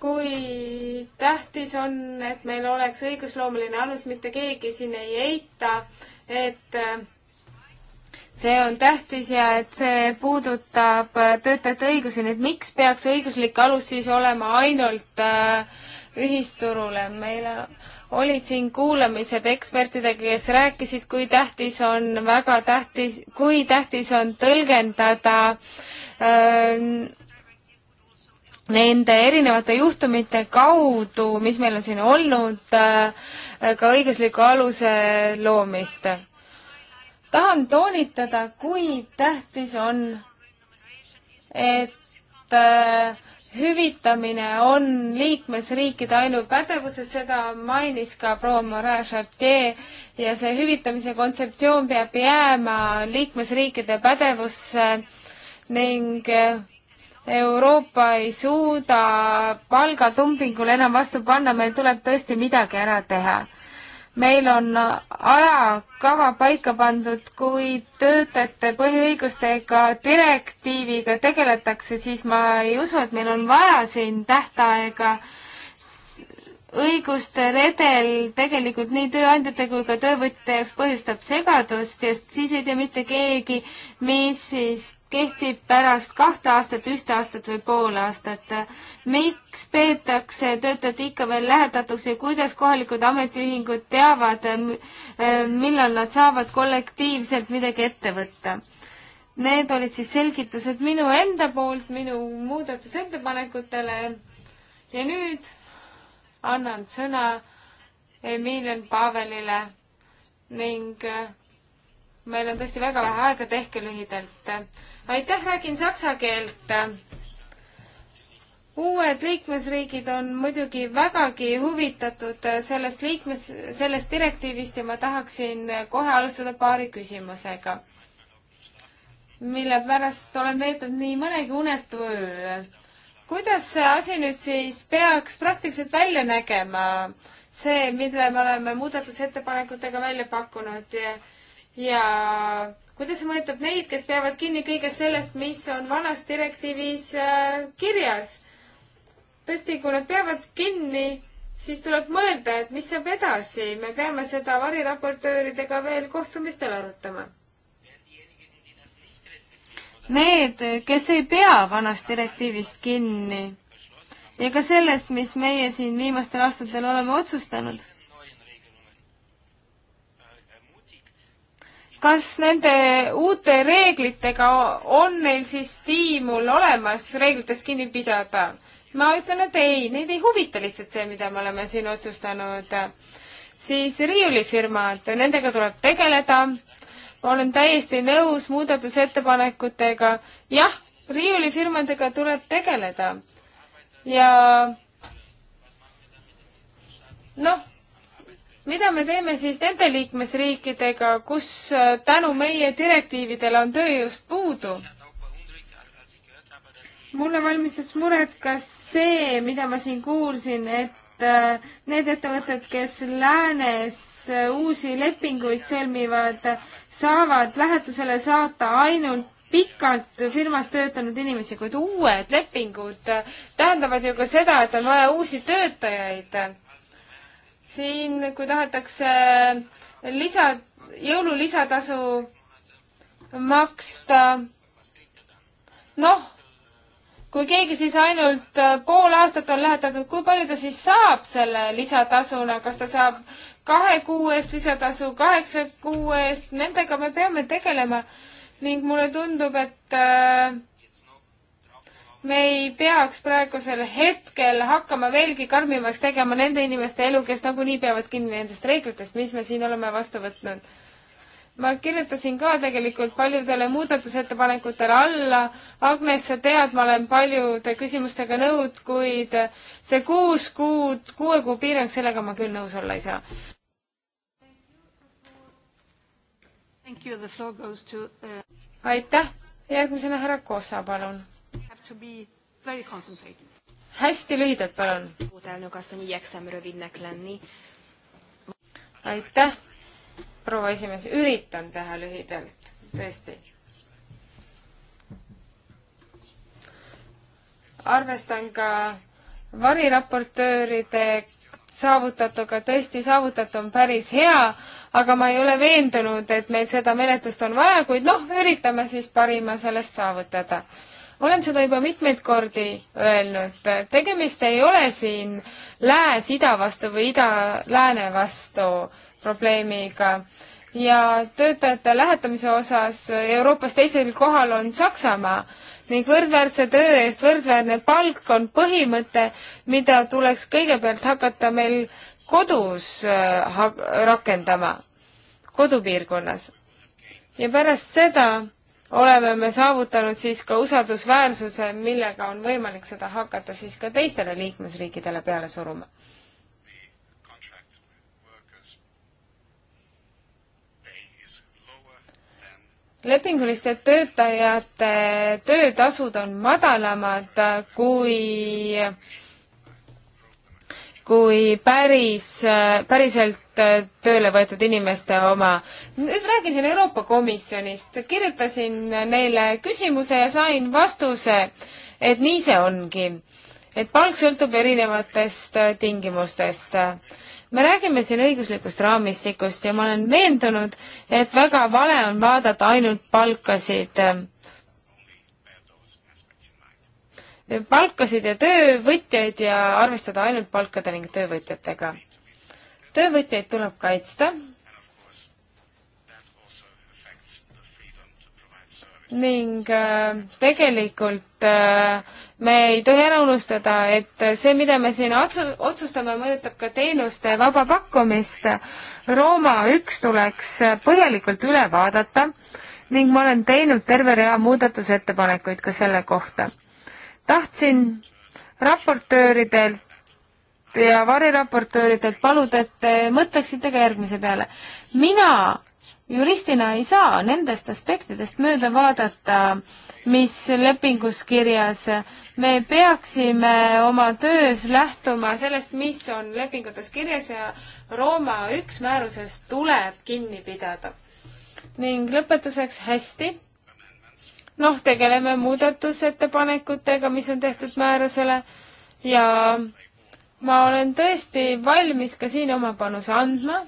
kui tähtis on, et meil oleks õigusloomeline alus, mitte keegi siin ei eita, et äh, see on tähtis ja et see puudutab äh, töötajate õigusi, nii et miks peaks õiguslik alus siis olema ainult äh, ühisturule, meil olid siin kuulamised ekspertidega, kes rääkisid, kui tähtis on väga tähtis, kui tähtis on tõlgendada öö, nende erinevate juhtumite kaudu, mis meil on siin olnud, äh, ka õigusliku aluse loomist. tahan toonitada, kui tähtis on, et äh, hüvitamine on liikmesriikide ainupädevuses, seda mainis ka proua Morin Chartier ja see hüvitamise kontseptsioon peab jääma liikmesriikide pädevusse ning äh, Euroopa ei suuda palgatumpingule enam vastu panna, meil tuleb tõesti midagi ära teha. meil on ajakava paika pandud, kui töötajate põhiõigustega direktiiviga tegeletakse, siis ma ei usu, et meil on vaja siin tähtaega õiguste redel tegelikult nii tööandjate kui ka töövõtjate jaoks põhjustab segadust ja siis ei tea mitte keegi, mis siis kehtib pärast kahte aastat, ühte aastat või pool aastat. miks peetakse töötajat ikka veel lähedatuks ja kuidas kohalikud ametiühingud teavad, äh, millal nad saavad kollektiivselt midagi ette võtta? Need olid siis selgitused minu enda poolt, minu muudatusettepanekutele ja nüüd annan sõna Emilian Pavelile ning äh, meil on tõesti väga vähe aega, tehke lühidalt. aitäh, räägin saksa keelt. uued liikmesriigid on muidugi vägagi huvitatud sellest liikmes, sellest direktiivist ja ma tahaksin kohe alustada paari küsimusega, mille pärast olen veetnud nii mõnegi unetu öö. kuidas see asi nüüd siis peaks praktiliselt välja nägema? see, mille me oleme muudatusettepanekutega välja pakkunud ja ja kuidas see mõjutab neid, kes peavad kinni kõigest sellest, mis on vanas direktiivis äh, kirjas? tõesti, kui nad peavad kinni, siis tuleb mõelda, et mis saab edasi, me peame seda variraportööridega veel kohtumistel arutama. Need, kes ei pea vanast direktiivist kinni ja ka sellest, mis meie siin viimastel aastatel oleme otsustanud, kas nende uute reeglitega on neil siis stiimul olemas reeglitest kinni pidada? ma ütlen, et ei, neid ei huvita lihtsalt see, mida me oleme siin otsustanud. siis riiulifirmad, nendega tuleb tegeleda. ma olen täiesti nõus muudatusettepanekutega. jah, riiulifirmadega tuleb tegeleda. ja noh, mida me teeme siis nende liikmesriikidega, kus äh, tänu meie direktiividele on tööjõust puudu? mulle valmistas muret ka see, mida ma siin kuulsin, et äh, need ettevõtted, kes läänes äh, uusi lepinguid sõlmivad, saavad lähetusele saata ainult pikalt firmas töötanud inimesi, kuid uued lepingud tähendavad ju ka seda, et on vaja uusi töötajaid siin, kui tahetakse lisa, jõululisatasu maksta, noh, kui keegi siis ainult pool aastat on lähetatud, kui palju ta siis saab selle lisatasuna, kas ta saab kahe kuu eest lisatasu, kaheksa kuu eest, nendega me peame tegelema. ning mulle tundub, et äh, me ei peaks praegusel hetkel hakkama veelgi karmimaks tegema nende inimeste elu, kes nagunii peavad kinni nendest reeglitest, mis me siin oleme vastu võtnud. ma kirjutasin ka tegelikult paljudele muudatusettepanekutele alla. Agnes, sa tead, ma olen paljude küsimustega nõud, kuid see kuus kuud, kuue kuu piirang, sellega ma küll nõus olla ei saa. Uh, aitäh, järgmisena härra Kossa, palun to be very concentrated. hästi lühidalt, palun. elnök asszony, igyekszem rövidnek lenni. aitäh, proua esimees, üritan teha lühidalt, tõesti. arvestan ka variraportööride saavutatuga, tõesti saavutatu on päris hea, aga ma ei ole veendunud, et meil seda menetlust on vaja, kuid noh, üritame siis parima sellest saavutada olen seda juba mitmeid kordi öelnud, tegemist ei ole siin lääs-ida vastu või ida-lääne vastu probleemiga ja töötajate lähetamise osas Euroopas teisel kohal on Saksamaa ning võrdväärse töö eest võrdväärne palk on põhimõte, mida tuleks kõigepealt hakata meil kodus äh, ha rakendama, kodupiirkonnas. ja pärast seda oleme me saavutanud siis ka usaldusväärsuse, millega on võimalik seda hakata siis ka teistele liikmesriikidele peale suruma. lepinguliste töötajate töötasud on madalamad kui kui päris, päriselt tööle võetud inimeste oma. nüüd rääkisin Euroopa Komisjonist, kirjutasin neile küsimuse ja sain vastuse, et nii see ongi. et palk sõltub erinevatest tingimustest. me räägime siin õiguslikust raamistikust ja ma olen veendunud, et väga vale on vaadata ainult palkasid palkasid ja töövõtjaid ja arvestada ainult palkade ning töövõtjatega. töövõtjaid tuleb kaitsta ning äh, tegelikult äh, me ei tohi ära unustada, et see, mida me siin otsu-, otsustame, mõjutab ka teenuste vaba pakkumist. Rooma üks tuleks äh, põhjalikult üle vaadata ning ma olen teinud terve rea muudatusettepanekuid ka selle kohta tahtsin raportööridelt ja variraportööridelt paluda, et te mõtleksite ka järgmise peale. mina juristina ei saa nendest aspektidest mööda vaadata, mis lepingus kirjas. me peaksime oma töös lähtuma sellest, mis on lepingutes kirjas ja Rooma üks määrusest tuleb kinni pidada. ning lõpetuseks hästi noh, tegeleme muudatusettepanekutega, mis on tehtud määrusele ja ma olen tõesti valmis ka siin oma panuse andma,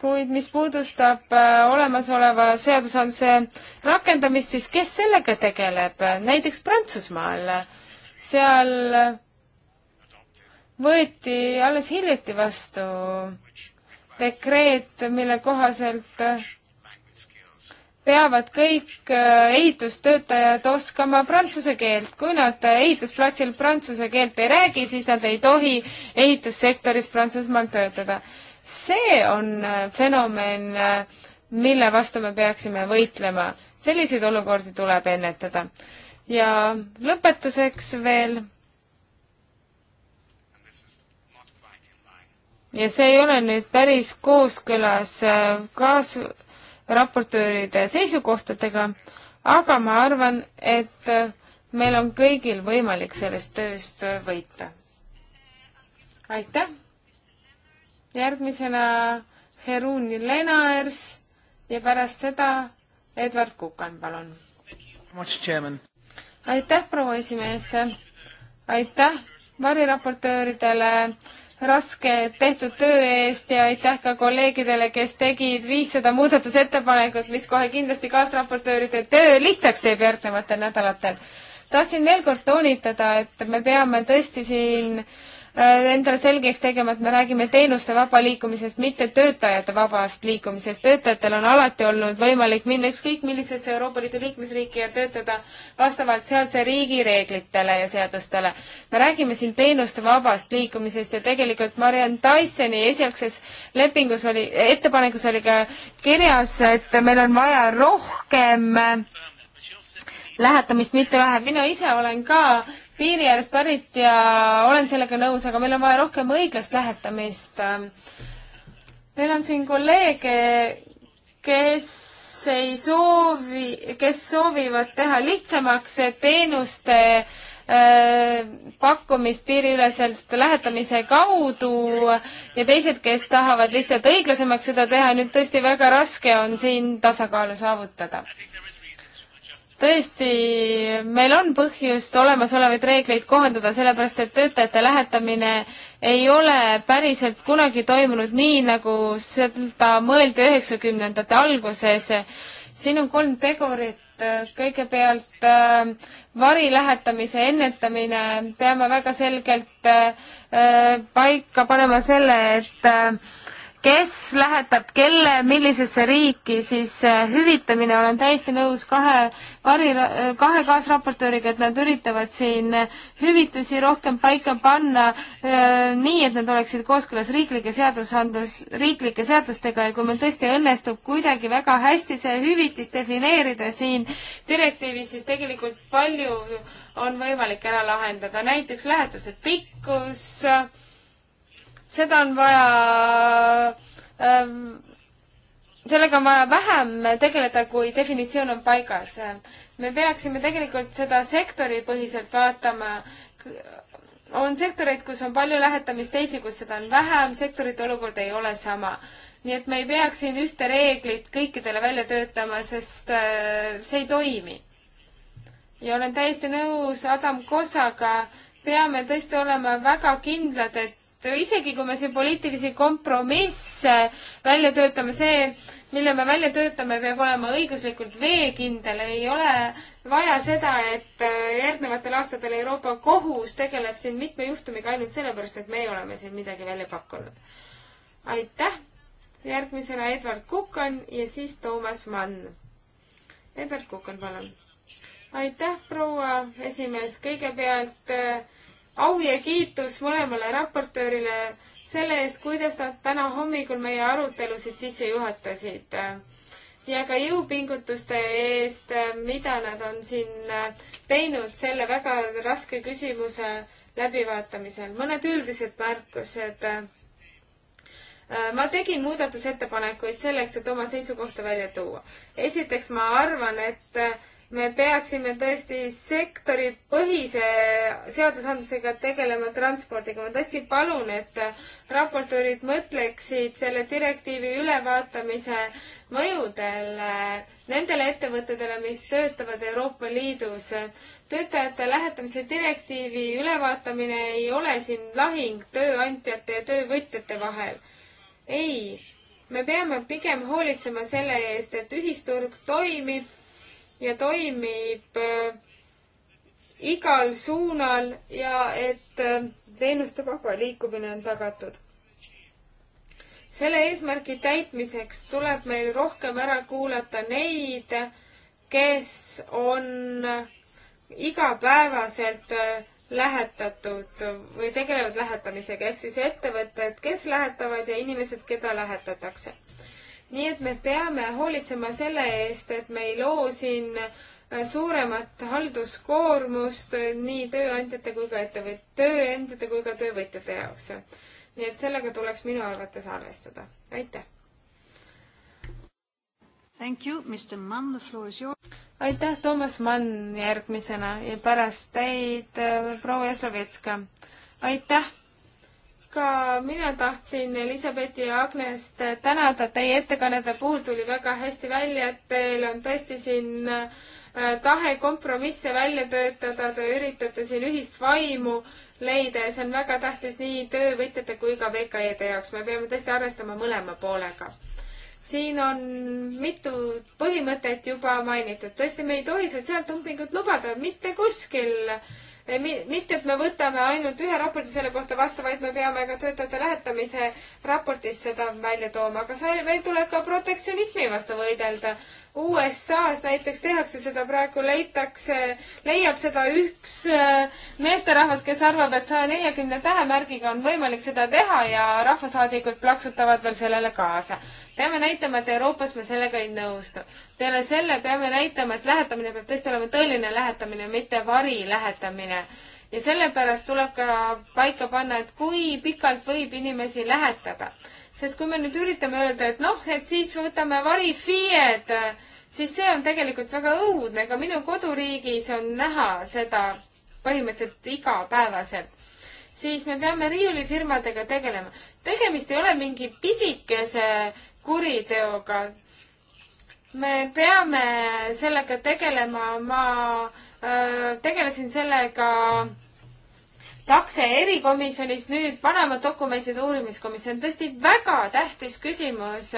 kuid mis puudustab äh, olemasoleva seadusandluse rakendamist, siis kes sellega tegeleb, näiteks Prantsusmaal, seal võeti alles hiljuti vastu dekreet, mille kohaselt peavad kõik äh, ehitustöötajad oskama prantsuse keelt. kui nad äh, ehitusplatsil prantsuse keelt ei räägi, siis nad ei tohi ehitussektoris Prantsusmaal töötada. see on äh, fenomen, mille vastu me peaksime võitlema. selliseid olukordi tuleb ennetada. ja lõpetuseks veel. ja see ei ole nüüd päris kooskõlas kaas-, raportööride seisukohtadega, aga ma arvan, et meil on kõigil võimalik sellest tööst võita. aitäh! järgmisena Heruni Lenaers ja pärast seda Edward Kukan, palun. aitäh, proua esimees! aitäh variraportööridele raske tehtud töö eest ja aitäh ka kolleegidele, kes tegid viissada muudatusettepanekut, mis kohe kindlasti kaasraportööride töö lihtsaks teeb järgnevatel nädalatel. tahtsin veel kord toonitada, et me peame tõesti siin äh, Äh, endale selgeks tegema, et me räägime teenuste vaba liikumisest, mitte töötajate vabast liikumisest. töötajatel on alati olnud võimalik minna ükskõik millisesse Euroopa Liidu liikmesriiki ja töötada vastavalt sealse riigi reeglitele ja seadustele. me räägime siin teenuste vabast liikumisest ja tegelikult Marianne Tysoni esialgses lepingus oli, ettepanekus oli ka kirjas, et meil on vaja rohkem lähetamist, mitte vähem. mina ise olen ka piiri äärest pärit ja olen sellega nõus, aga meil on vaja rohkem õiglast lähetamist. meil on siin kolleege, kes ei soovi, kes soovivad teha lihtsamaks teenuste äh, pakkumist piiriüleselt lähetamise kaudu ja teised, kes tahavad lihtsalt õiglasemaks seda teha, nüüd tõesti väga raske on siin tasakaalu saavutada tõesti, meil on põhjust olemasolevaid reegleid kohandada, sellepärast et töötajate lähetamine ei ole päriselt kunagi toimunud nii, nagu seda mõeldi üheksakümnendate alguses. siin on kolm tegurit, kõigepealt äh, varilähetamise ennetamine, peame väga selgelt äh, äh, paika panema selle, et äh, kes lähetab kelle millisesse riiki, siis äh, hüvitamine, olen täiesti nõus kahe vari, kahe kaasraportööriga, et nad üritavad siin äh, hüvitusi rohkem paika panna äh, nii, et need oleksid kooskõlas riiklike seadusandlus, riiklike seadustega ja kui meil tõesti õnnestub kuidagi väga hästi see hüvitis defineerida siin direktiivis, siis tegelikult palju on võimalik ära lahendada, näiteks lähetused pikkus, seda on vaja ähm, sellega on vaja vähem tegeleda, kui definitsioon on paigas. me peaksime tegelikult seda sektoripõhiselt vaatama. on sektoreid, kus on palju lähetamist, teisi, kus seda on vähem, sektorite olukord ei ole sama. nii et me ei peaks siin ühte reeglit kõikidele välja töötama, sest äh, see ei toimi. ja olen täiesti nõus Adam Kosaga, peame tõesti olema väga kindlad, et isegi kui me siin poliitilisi kompromisse välja töötame, see, mille me välja töötame, peab olema õiguslikult veekindel, ei ole vaja seda, et äh, järgnevatel aastatel Euroopa Kohus tegeleb siin mitme juhtumiga ainult sellepärast, et meie oleme siin midagi välja pakkunud. aitäh! järgmisena Edward Kukan ja siis Toomas Mann. Edward Kukan, palun. aitäh, proua esimees, kõigepealt äh, au ja kiitus mõlemale raportöörile selle eest, kuidas nad täna hommikul meie arutelusid sisse juhatasid ja ka jõupingutuste eest, mida nad on siin teinud selle väga raske küsimuse läbivaatamisel. mõned üldised märkused. ma tegin muudatusettepanekuid selleks, et oma seisukohta välja tuua. esiteks ma arvan, et me peaksime tõesti sektoripõhise seadusandlusega tegelema transpordiga. ma tõesti palun, et raportöörid mõtleksid selle direktiivi ülevaatamise mõjudele äh, nendele ettevõtetele, mis töötavad Euroopa Liidus. töötajate lähetamise direktiivi ülevaatamine ei ole siin lahing tööandjate ja töövõtjate vahel. ei, me peame pigem hoolitsema selle eest, et ühisturg toimib ja toimib äh, igal suunal ja et äh, teenuste vaba liikumine on tagatud. selle eesmärgi täitmiseks tuleb meil rohkem ära kuulata neid, kes on igapäevaselt äh, lähetatud või tegelevad lähetamisega, ehk siis ettevõtted, kes lähetavad ja inimesed, keda lähetatakse nii et me peame hoolitsema selle eest, et me ei loo siin äh, suuremat halduskoormust äh, nii tööandjate kui ka ettevõt-, tööandjate kui ka töövõtjate jaoks. nii et sellega tuleks minu arvates arvestada. aitäh! Thank you, Mr Mann, the floor is yours. aitäh, Toomas Mann järgmisena ja pärast teid äh, proua Jaslovetska. aitäh! ka mina tahtsin Elizabethi ja Agnest tänada, teie ettekannete puhul tuli väga hästi välja, et teil on tõesti siin äh, tahe kompromisse välja töötada, te üritate siin ühist vaimu leida ja see on väga tähtis nii töövõtjate kui ka VKE-de jaoks, me peame tõesti arvestama mõlema poolega siin on mitu põhimõtet juba mainitud, tõesti, me ei tohi sotsiaaltumpingut lubada mitte kuskil äh, mitte, et me võtame ainult ühe raporti selle kohta vastu, vaid me peame ka töötajate lähetamise raportis seda välja tooma, aga seal veel tuleb ka protektsionismi vastu võidelda. USA-s näiteks tehakse seda praegu, leitakse, leiab seda üks äh, meesterahvas, kes arvab, et saja neljakümne tähemärgiga on võimalik seda teha ja rahvasaadikud plaksutavad veel sellele kaasa. peame näitama, et Euroopas me sellega ei nõustu. peale selle peame näitama, et lähetamine peab tõesti olema tõeline lähetamine, mitte vari lähetamine ja sellepärast tuleb ka paika panna, et kui pikalt võib inimesi lähetada sest kui me nüüd üritame öelda, et noh, et siis võtame varifiied, siis see on tegelikult väga õudne, ka minu koduriigis on näha seda põhimõtteliselt igapäevaselt. siis me peame riiulifirmadega tegelema. tegemist ei ole mingi pisikese kuriteoga. me peame sellega tegelema, ma öö, äh, tegelesin sellega öö, kaks erikomisjonist, nüüd Panama dokumentide uurimiskomisjon, tõesti väga tähtis küsimus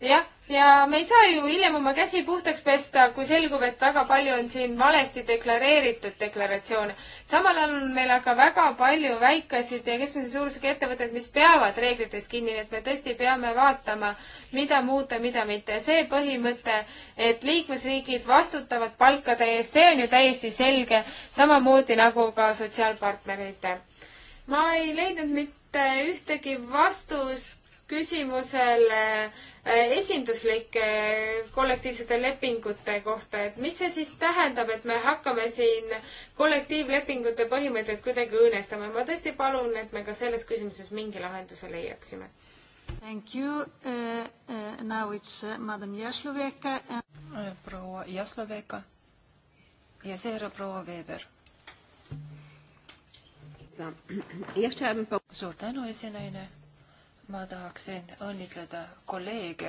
jah, ja me ei saa ju hiljem oma käsi puhtaks pesta, kui selgub, et väga palju on siin valesti deklareeritud deklaratsioone. samal ajal on meil aga väga palju väikesid ja keskmise suurusega ettevõtteid, mis peavad reeglitest kinni, nii et me tõesti peame vaatama, mida muuta, mida mitte. see põhimõte, et liikmesriigid vastutavad palkade eest, see on ju täiesti selge, samamoodi nagu ka sotsiaalpartnerite. ma ei leidnud mitte ühtegi vastust küsimusele eh, esinduslike eh, kollektiivsete lepingute kohta, et mis see siis tähendab, et me hakkame siin kollektiivlepingute põhimõtteid kuidagi õõnestama. ma tõesti palun, et me ka selles küsimuses mingi lahenduse leiaksime. Thank you uh,. Uh, now it's uh, madam Jasloveka and.... proua Jasloveka ja seejärel proua Weber. suur tänu, esinaine ma tahaksin õnnitleda kolleege,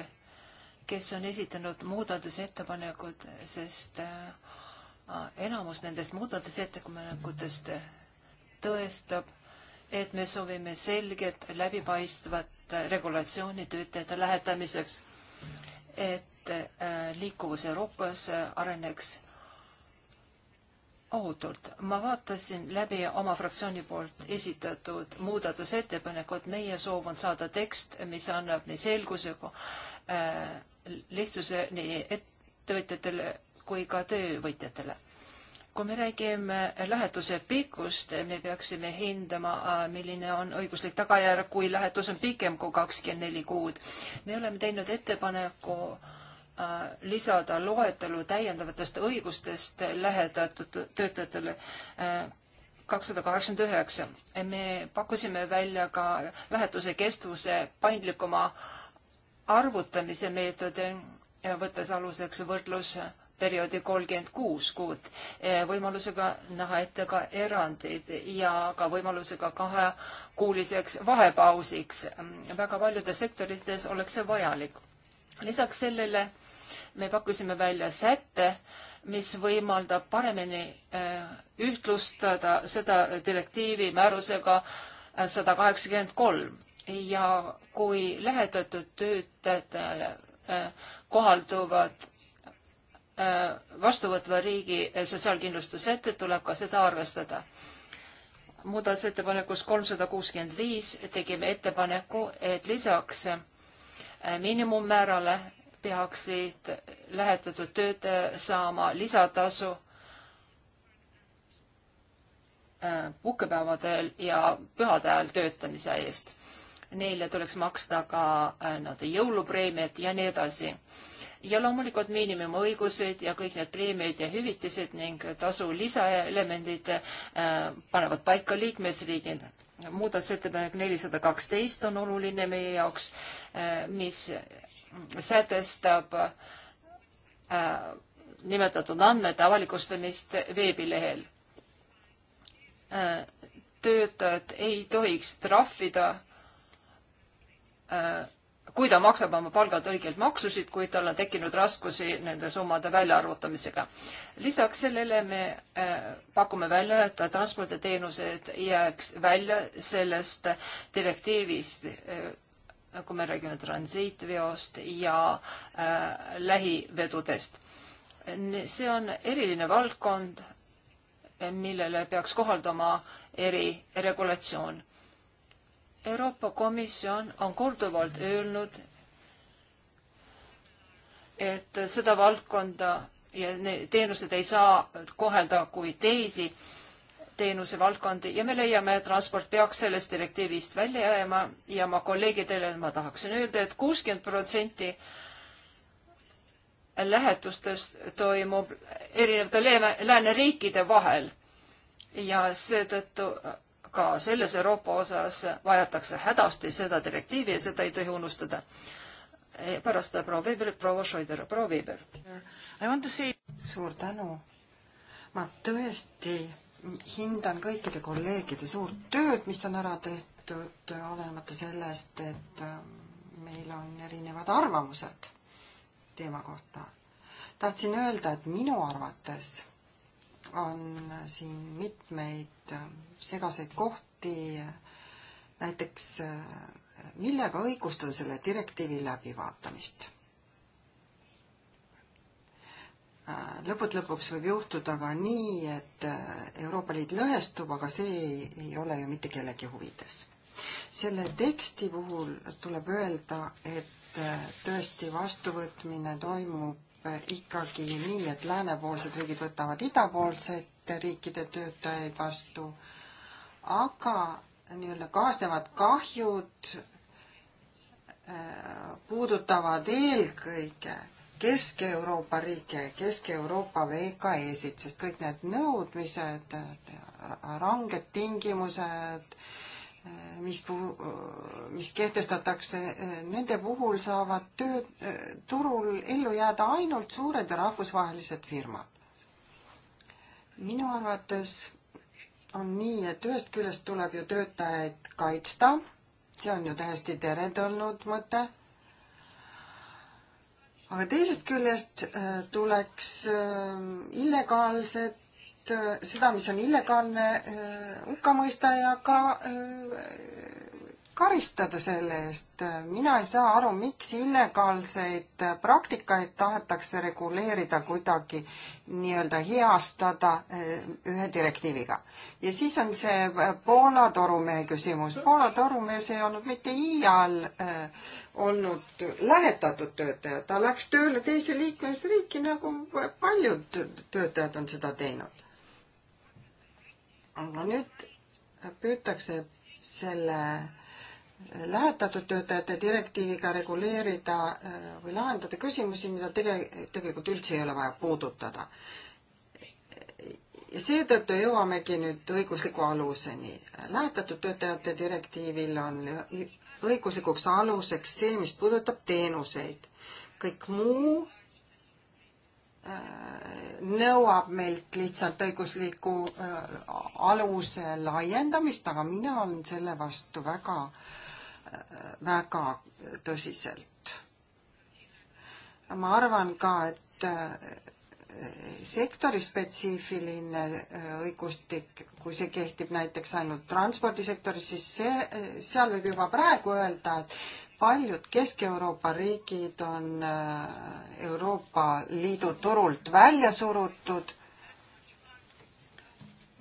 kes on esitanud muudatusettepanekud, sest äh, enamus nendest muudatusettepanekutest tõestab, et me soovime selget läbipaistvat regulatsiooni töötajate lähetamiseks, et äh, liikuvus Euroopas areneks ohutult. ma vaatasin läbi oma fraktsiooni poolt esitatud muudatusettepanekud. meie soov on saada tekst, mis annab nii selguse kui äh, lihtsuse nii ettevõtjatele kui ka töövõtjatele. kui me räägime lähetuse pikkust, me peaksime hindama, äh, milline on õiguslik tagajärg, kui lähetus on pikem kui kakskümmend neli kuud. me oleme teinud ettepaneku äh, Äh, lisada loetelu täiendavatest õigustest lähedatud töötajatele äh, kakssada kaheksakümmend üheksa. me pakkusime välja ka lähetuse kestvuse paindlikuma arvutamise meetodi, äh, võttes aluseks võrdluse perioodi kolmkümmend kuus kuud, võimalusega näha ette ka erandeid ja ka võimalusega kahekuuliseks vahepausiks. Mm, väga paljudes sektorites oleks see vajalik. lisaks sellele me pakkusime välja sätte, mis võimaldab paremini äh, ühtlustada seda direktiivi määrusega äh, sada kaheksakümmend kolm ja kui lähetatud töötajatele äh, kohalduvad vastuvõtva riigi sotsiaalkindlustussätted, tuleb ka seda arvestada muudatusettepanekus kolmsada kuuskümmend viis tegime ettepaneku, et lisaks miinimummäärale peaksid lähetatud töötaja saama lisatasu äh, puhkepäevadel ja pühade ajal töötamise eest. Neile tuleks maksta ka äh, nii-öelda jõulupreemiat ja nii edasi. ja loomulikult miinimumõigused ja kõik need preemiad ja hüvitised ning tasu lisaelemendid äh, panevad paika liikmesriigid. muudatusettepanek nelisada kaksteist on oluline meie jaoks äh,, mis sätestab äh, nimetatud andmete avalikustamist veebilehel äh,. töötajat ei tohiks trahvida äh, kui ta maksab oma palgalt õigelt maksusid, kui tal on tekkinud raskusi nende summade väljaarvutamisega. lisaks sellele me äh, pakume välja, et transporditeenused jääks välja sellest direktiivist äh, kui me räägime transiitveost ja äh, lähivedudest. see on eriline valdkond, millele peaks kohaldama eriregulatsioon. Euroopa Komisjon on korduvalt öelnud, et seda valdkonda ja teenused ei saa kohelda kui teisi äh, teenusevaldkondi ja me leiame, et transport peaks sellest direktiivist välja jääma ja oma kolleegidele ma tahaksin öelda et, et kuuskümmend protsenti lähetustest toimub erinevate lääneriikide vahel ja seetõttu ka selles Euroopa osas vajatakse hädasti seda direktiivi ja seda ei tohi unustada. E, pärast proua Weber, proua Schroeder, proua Weber. suur tänu. ma tõesti hindan kõikide kolleegide suurt tööd, mis on ära tehtud, olenemata sellest, et ähm, meil on erinevad arvamused teema kohta. tahtsin öelda, et minu arvates on siin mitmeid ähm, segaseid kohti, näiteks äh, millega õigustada selle direktiivi läbivaatamist Äh, lõppude lõpuks võib juhtuda ka nii, et äh, Euroopa Liit lõhestub, aga see ei, ei ole ju mitte kellegi huvides. selle teksti puhul tuleb öelda, et äh, tõesti vastuvõtmine toimub ikkagi nii, et läänepoolsed riigid võtavad idapoolsete riikide töötajaid vastu, aga nii-öelda kaasnevad kahjud puudutavad eelkõige äh, Kesk-Euroopa riike, Kesk-Euroopa VKE-sid, sest kõik need nõudmised, ranged tingimused, mis puhu-, mis kehtestatakse, nende puhul saavad töö, turul ellu jääda ainult suured ja rahvusvahelised firmad. minu arvates on nii, et ühest küljest tuleb ju töötajaid kaitsta, see on ju täiesti teretulnud mõte aga teisest küljest äh, tuleks äh, illegaalset, äh, seda, mis on illegaalne, hukka mõista ja ka karistada selle eest. mina ei saa aru, miks illegaalseid praktikaid tahetakse reguleerida kuidagi nii-öelda heastada eh, ühe direktiiviga. ja siis on see eh, Poola torumehe küsimus. Poola torumees ei olnud mitte iial eh, olnud lähetatud töötaja, ta läks tööle teise liikmesriiki, nagu paljud töötajad on seda teinud. aga nüüd püütakse selle lähetatud töötajate direktiiviga reguleerida äh, või lahendada küsimusi, mida tege-, tegelikult üldse ei ole vaja puudutada. ja seetõttu jõuamegi nüüd õigusliku aluseni. lähetatud töötajate direktiivil on õiguslikuks aluseks see, mis puudutab teenuseid. kõik muu äh, nõuab meilt lihtsalt õigusliku äh, aluse laiendamist, aga mina olen selle vastu väga äh, väga tõsiselt. ma arvan ka, et äh, sektorispetsiifiline äh, õigustik, kui see kehtib näiteks ainult transpordisektoris, siis see, äh, seal võib juba praegu öelda, et paljud Kesk-Euroopa riigid on Euroopa Liidu turult välja surutud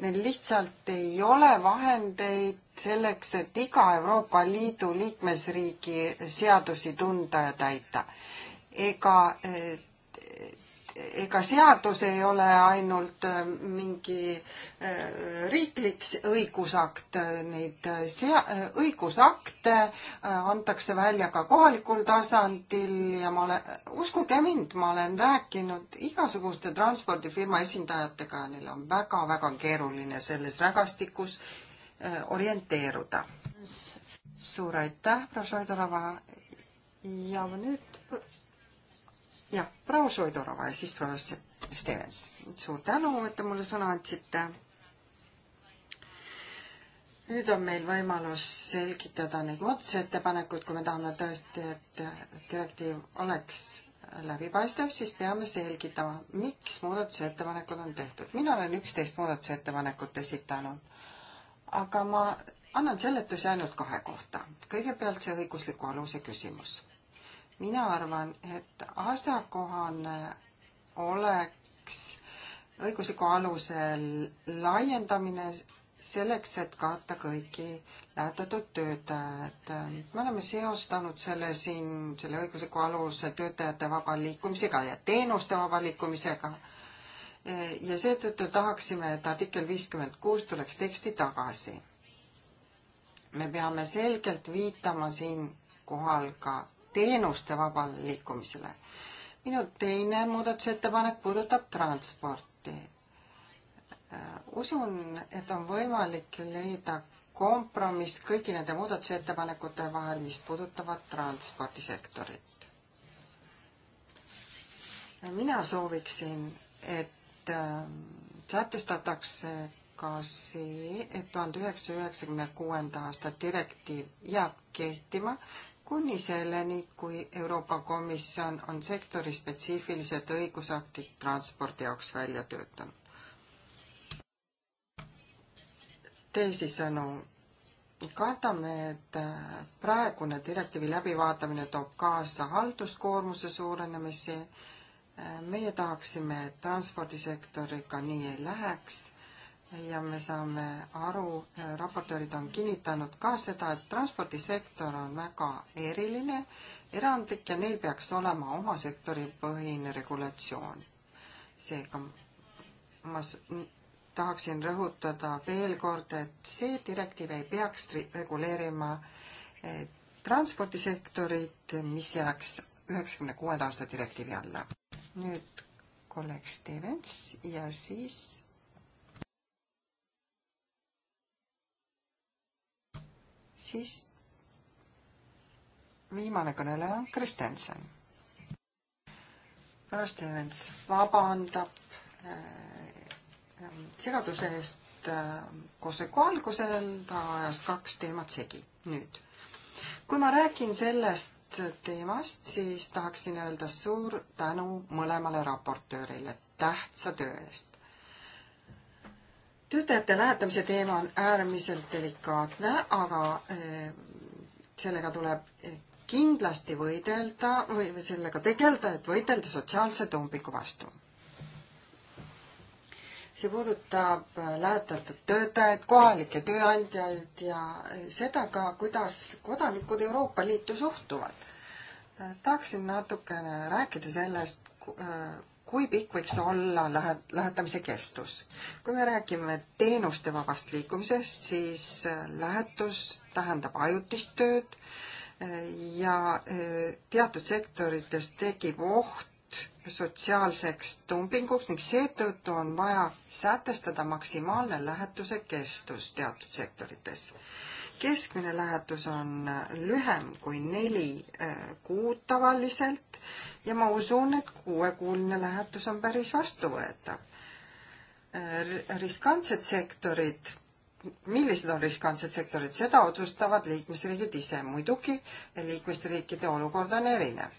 neil lihtsalt ei ole vahendeid selleks, et iga Euroopa Liidu liikmesriigi seadusi tunda ja täita. ega eh, ega seadus ei ole ainult äh, mingi äh, riiklik õigusakt, äh, neid sea-, õigusakte antakse välja ka kohalikul tasandil ja ma olen, uskuge mind, ma olen rääkinud igasuguste transpordifirma esindajatega ja neil on väga-väga keeruline selles rägastikus orienteeruda. suur aitäh, proua Šoidorova ja nüüd ja proua Šoidorova ja siis proua Stevens. suur tänu, et te mulle sõna andsite. nüüd on meil võimalus selgitada neid muudatusettepanekuid, kui me tahame tõesti, et direktiiv oleks läbipaistev, siis peame selgitama, miks muudatusettepanekud on tehtud. mina olen üksteist muudatusettepanekut esitanud, aga ma annan seletusi ainult kahe kohta. kõigepealt see õigusliku aluse küsimus mina arvan, et asjakohane oleks õigusliku aluse laiendamine selleks, et kaota kõiki lähetatud töötajad. me oleme seostanud selle siin, selle õigusliku aluse töötajate vaba liikumisega ja teenuste vaba liikumisega. ja seetõttu tahaksime, et artikkel viiskümmend kuus tuleks teksti tagasi. me peame selgelt viitama siinkohal ka teenuste vabale liikumisele. minu teine muudatusettepanek puudutab transporti. Äh, usun, et on võimalik leida kompromiss kõigi nende muudatusettepanekute vahel, mis puudutavad transpordisektorit. mina sooviksin, et äh, sätestatakse ka see, et tuhande üheksasaja üheksakümne kuuenda aasta direktiiv jääb kehtima kuni selleni, kui Euroopa Komisjon on sektori spetsiifilised õigusaktid transpordi jaoks välja töötanud. teisisõnu, kardame, et praegune direktiivi läbivaatamine toob kaasa halduskoormuse suurenemisi. meie tahaksime, et transpordisektoriga nii ei läheks ja me saame aru, äh, raportöörid on kinnitanud ka seda, et transpordisektor on väga eriline, erandlik ja neil peaks olema oma sektoripõhine regulatsioon. seega ma tahaksin rõhutada veel kord, et see direktiiv ei peaks reguleerima äh, transpordisektorit, mis jääks üheksakümne kuuenda aasta direktiivi alla. nüüd kolleeg Stevens ja siis siis viimane kõneleja, Kristensen. härra Stevens vabandab äh, ähm, segaduse eest äh, koosoleku algusel, ta ajas kaks teemat segi nüüd. kui ma räägin sellest teemast, siis tahaksin öelda suur tänu mõlemale raportöörile tähtsa töö eest töötajate lähetamise teema on äärmiselt delikaatne, aga eh, sellega tuleb eh, kindlasti võidelda või sellega tegeleda, et võidelda sotsiaalse tumbiku vastu. see puudutab eh, lähetatud töötajaid, kohalikke tööandjaid ja seda ka, kuidas kodanikud Euroopa Liitu suhtuvad. tahaksin natukene rääkida sellest, kui pikk võiks olla lähe, lähetamise kestus. kui me räägime teenuste vabast liikumisest, siis äh, lähetus tähendab ajutist tööd äh, ja äh, teatud sektorites tekib oht sotsiaalseks dumpinguks ning seetõttu on vaja sätestada maksimaalne lähetuse kestus teatud sektorites. keskmine lähetus on lühem kui neli kuud tavaliselt ja ma usun, et kuuekuuline lähetus on päris vastuvõetav. riskantsed sektorid, millised on riskantsed sektorid, seda otsustavad liikmesriigid ise, muidugi liikmesriikide olukord on erinev.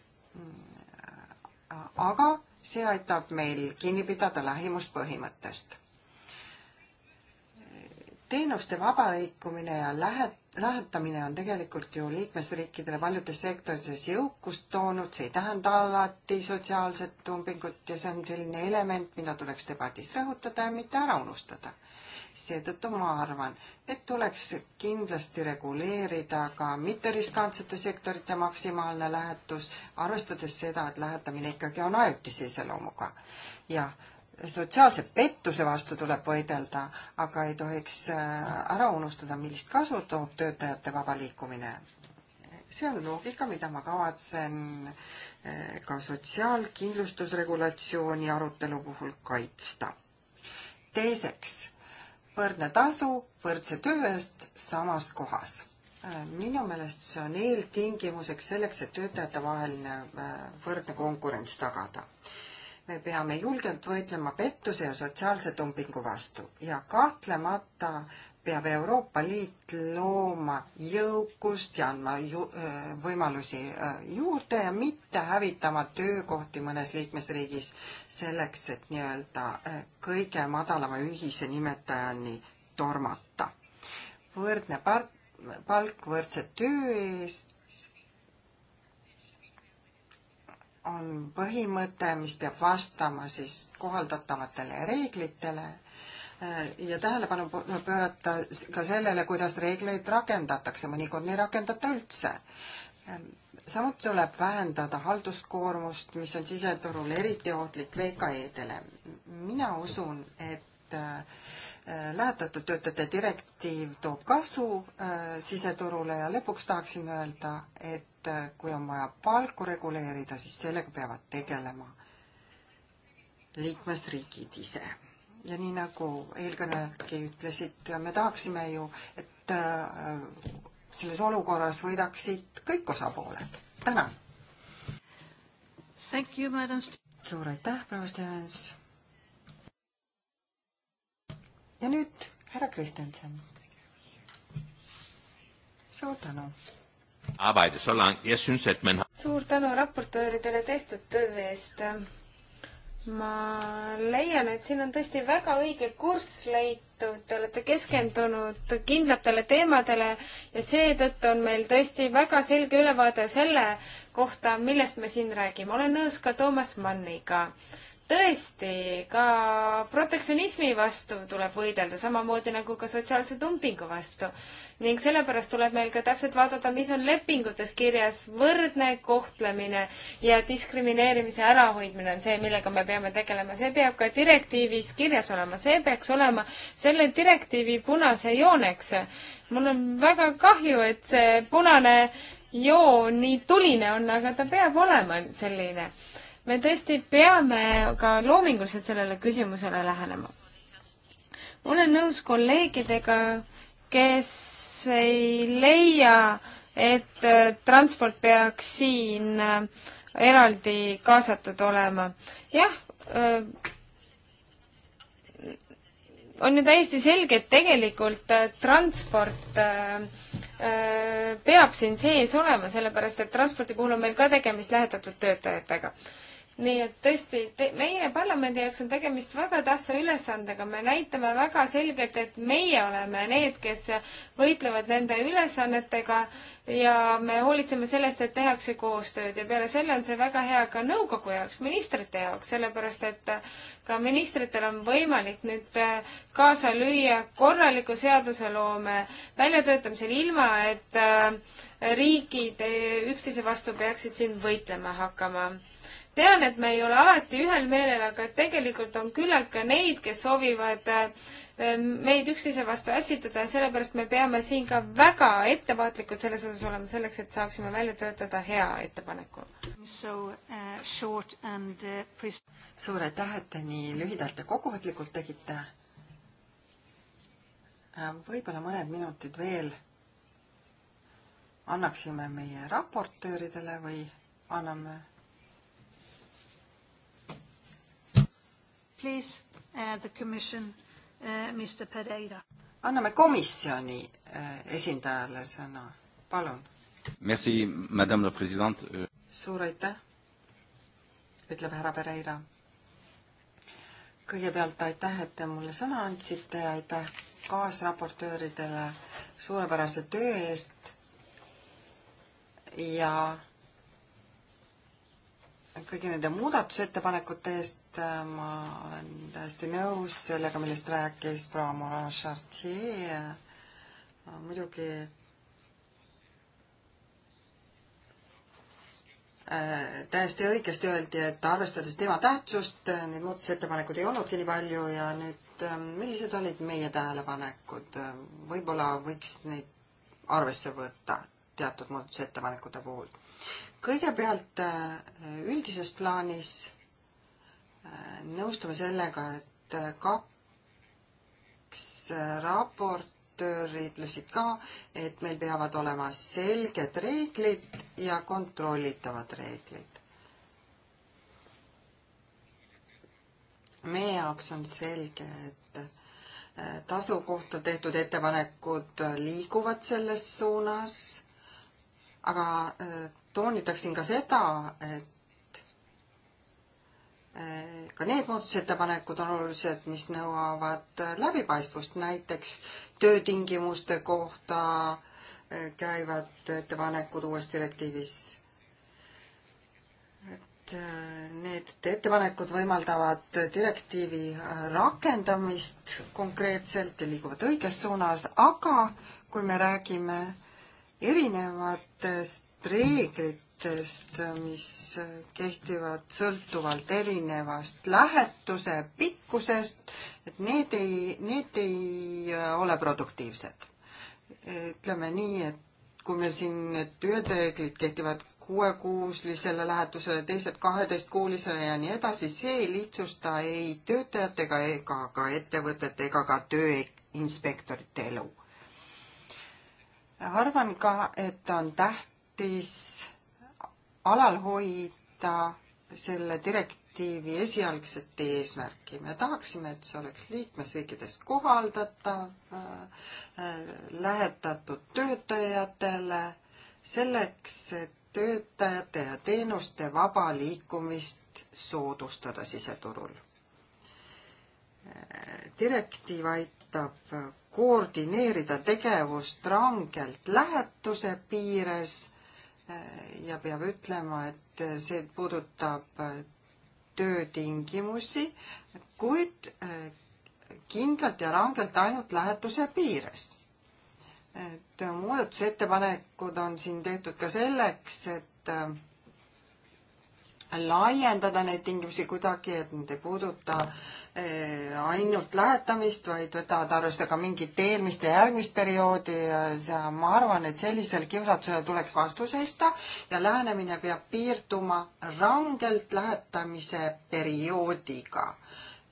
aga see aitab meil kinni pidada lähimuspõhimõttest teenuste vaba liikumine ja lähet-, lähetamine on tegelikult ju liikmesriikidele paljudes sektorites jõukust toonud, see ei tähenda alati sotsiaalset dumpingut ja see on selline element, mida tuleks debatis rõhutada ja mitte ära unustada. seetõttu ma arvan, et tuleks kindlasti reguleerida ka mitteriskantsete sektorite maksimaalne lähetus, arvestades seda, et lähetamine ikkagi on ajutise iseloomuga. jah sotsiaalse pettuse vastu tuleb võidelda, aga ei tohiks äh, ära unustada, millist kasu toob töötajate vaba liikumine. see on loogika, mida ma kavatsen äh, ka sotsiaalkindlustusregulatsiooni arutelu puhul kaitsta. teiseks, võrdne tasu võrdse töö eest samas kohas äh, minu meelest see on eeltingimuseks selleks, et töötajate vaheline võrdne konkurents tagada me peame julgelt võitlema pettuse ja sotsiaalse dumpingu vastu ja kahtlemata peab Euroopa Liit looma jõukust ja andma ju, võimalusi juurde ja mitte hävitama töökohti mõnes liikmesriigis selleks, et nii-öelda kõige madalama ühise nimetajani tormata. võrdne part, palk võrdse töö eest on põhimõte, mis peab vastama siis kohaldatavatele reeglitele äh, ja tähelepanu pöörata ka sellele, kuidas reegleid rakendatakse, mõnikord ei rakendata üldse. Ähm, samuti tuleb vähendada halduskoormust, mis on siseturul eriti ohtlik VKE-dele. mina usun, et äh, Äh, lähetatud töötajate direktiiv toob kasu äh, siseturule ja lõpuks tahaksin öelda, et äh, kui on vaja palku reguleerida, siis sellega peavad tegelema liikmesriigid ise. ja nii nagu eelkõnelejadki ütlesid, me tahaksime ju, et selles olukorras võidaksid kõik osapooled. tänan! suur aitäh, proua Stevens! ja nüüd härra Kristjanson. suur tänu. suur tänu raportööridele tehtud töö eest. ma leian, et siin on tõesti väga õige kurss leitud, te olete keskendunud kindlatele teemadele ja seetõttu on meil tõesti väga selge ülevaade selle kohta, millest me siin räägime. olen nõus ka Toomas Manniga tõesti, ka protektsionismi vastu tuleb võidelda, samamoodi nagu ka sotsiaalse dumpingu vastu. ning sellepärast tuleb meil ka täpselt vaadata, mis on lepingutes kirjas, võrdne kohtlemine ja diskrimineerimise ärahoidmine on see, millega me peame tegelema, see peab ka direktiivis kirjas olema, see peaks olema selle direktiivi punase jooneks. mul on väga kahju, et see punane joon nii tuline on, aga ta peab olema selline me tõesti peame ka loominguliselt sellele küsimusele lähenema. olen nõus kolleegidega, kes ei leia, et äh, transport peaks siin äh, eraldi kaasatud olema. jah, äh, on ju täiesti selge, et tegelikult transport peab siin sees olema, sellepärast et transpordi puhul on meil ka tegemist lähetatud töötajatega nii et tõesti, meie parlamendi jaoks on tegemist väga tähtsa ülesandega, me näitame väga selgelt, et meie oleme need, kes võitlevad nende ülesannetega ja me hoolitseme sellest, et tehakse koostööd ja peale selle on see väga hea ka nõukogu jaoks, ministrite jaoks, sellepärast et ka ministritel on võimalik nüüd kaasa lüüa korraliku seaduseloome väljatöötamisel, ilma et riigid üksteise vastu peaksid siin võitlema hakkama tean, et me ei ole alati ühel meelel, aga tegelikult on küllalt ka neid, kes soovivad äh, meid üksteise vastu ässitada ja sellepärast me peame siin ka väga ettevaatlikud selles osas olema, selleks et saaksime välja töötada hea ettepaneku. Uh, uh, suur aitäh, et te nii lühidalt ja kokkuvõtlikult tegite. Äh, võib-olla mõned minutid veel annaksime meie raportööridele või anname Please, uh, the commission, uh, Mr Pereira. anname komisjoni uh, esindajale sõna, palun. Merci, madame la president. Euh, suur aitäh, ütleb härra Pereira. kõigepealt aitäh, et te mulle sõna andsite ja aitäh kaasraportööridele suurepärase töö eest ja kõigi nende muudatusettepanekute eest, äh, ma olen täiesti nõus sellega, millest rääkis proua Morin Chartier. Äh, muidugi äh, täiesti õigesti öeldi, et arvestades teema tähtsust, äh, neid muudatusettepanekuid ei olnudki nii palju ja nüüd äh, millised olid meie tähelepanekud, võib-olla võiks neid arvesse võtta teatud muudatusettepanekute puhul kõigepealt äh, üldises plaanis äh, nõustume sellega, et äh, kaks raportööri ütlesid ka, et meil peavad olema selged reeglid ja kontrollitavad reeglid. meie jaoks on selge, et tasu kohta tehtud ettepanekud liiguvad selles suunas, aga toonitaksin ka seda, et eh, ka need muudatusettepanekud on olulised, mis nõuavad läbipaistvust, näiteks töötingimuste kohta eh, käivad ettepanekud uues direktiivis eh, need ettepanekud võimaldavad direktiivi rakendamist konkreetselt ja liiguvad õiges suunas, aga kui me räägime erinevatest reeglitest, mis kehtivad sõltuvalt erinevast lähetuse pikkusest, et need ei, need ei äh, ole produktiivsed. ütleme nii, et kui me siin, et ühed reeglid kehtivad kuuekuulisele lähetusele, teised kaheteistkuulisele ja nii edasi, see ei lihtsusta ei töötajatega ega ka ettevõtete ega ka tööinspektorite elu. arvan ka, et on tähtis tähtis alal hoida selle direktiivi esialgset eesmärki. me tahaksime, et see oleks liikmesriikides kohaldatav äh, lähetatud töötajatele selleks, et töötajate ja teenuste vaba liikumist soodustada siseturul. direktiiv aitab koordineerida tegevust rangelt lähetuse piires ja peab ütlema, et see puudutab töötingimusi, kuid äh, kindlalt ja rangelt ainult lähetuse piires. et äh, muudatusettepanekud on siin tehtud ka selleks, et äh, laiendada neid tingimusi kuidagi, et need ei puuduta eh, ainult lähetamist, vaid võtavad arvesse ka mingit eelmist ja järgmist perioodi ja see, ma arvan, et sellisele kiusatusele tuleks vastu seista ja lähenemine peab piirduma rangelt lähetamise perioodiga.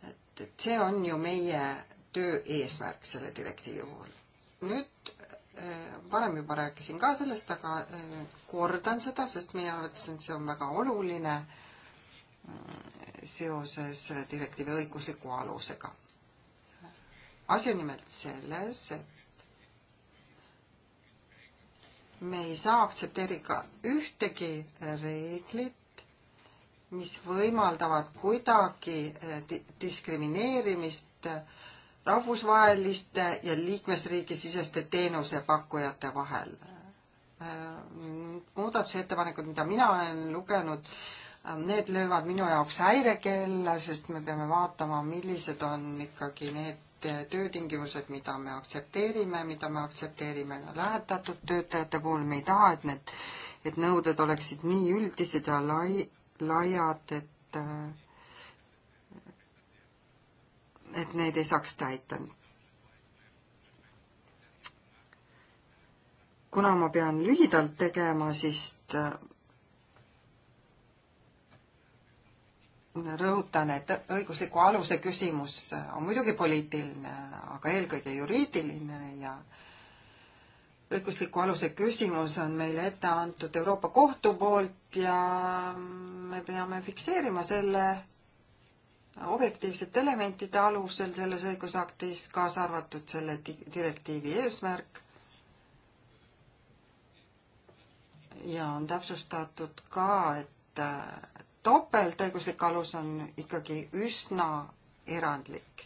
et, et see on ju meie töö eesmärk selle direktiivi puhul. nüüd varem juba rääkisin ka sellest, aga äh, kordan seda, sest meie arvates on see on väga oluline äh, seoses direktiivi õigusliku alusega. asi on nimelt selles, et me ei saa aktsepteerida ühtegi reeglit, mis võimaldavad kuidagi äh, diskrimineerimist äh, rahvusvaheliste ja liikmesriigi siseste teenusepakkujate vahel. muudatusettepanekud, mida mina olen lugenud, need löövad minu jaoks häirekella, sest me peame vaatama, millised on ikkagi need töötingimused, mida me aktsepteerime, mida me aktsepteerime ka lähetatud töötajate puhul, me ei taha, et need, et nõuded oleksid nii üldised ja lai, laiad, et äh, et neid ei saaks täita. kuna ma pean lühidalt tegema, siis äh, rõhutan, et õigusliku aluse küsimus on muidugi poliitiline, aga eelkõige juriidiline ja õigusliku aluse küsimus on meile ette antud Euroopa Kohtu poolt ja me peame fikseerima selle objektiivsete elementide alusel selles õigusaktis, kaasa arvatud selle direktiivi eesmärk. ja on täpsustatud ka, et äh, topeltõiguslik alus on ikkagi üsna erandlik.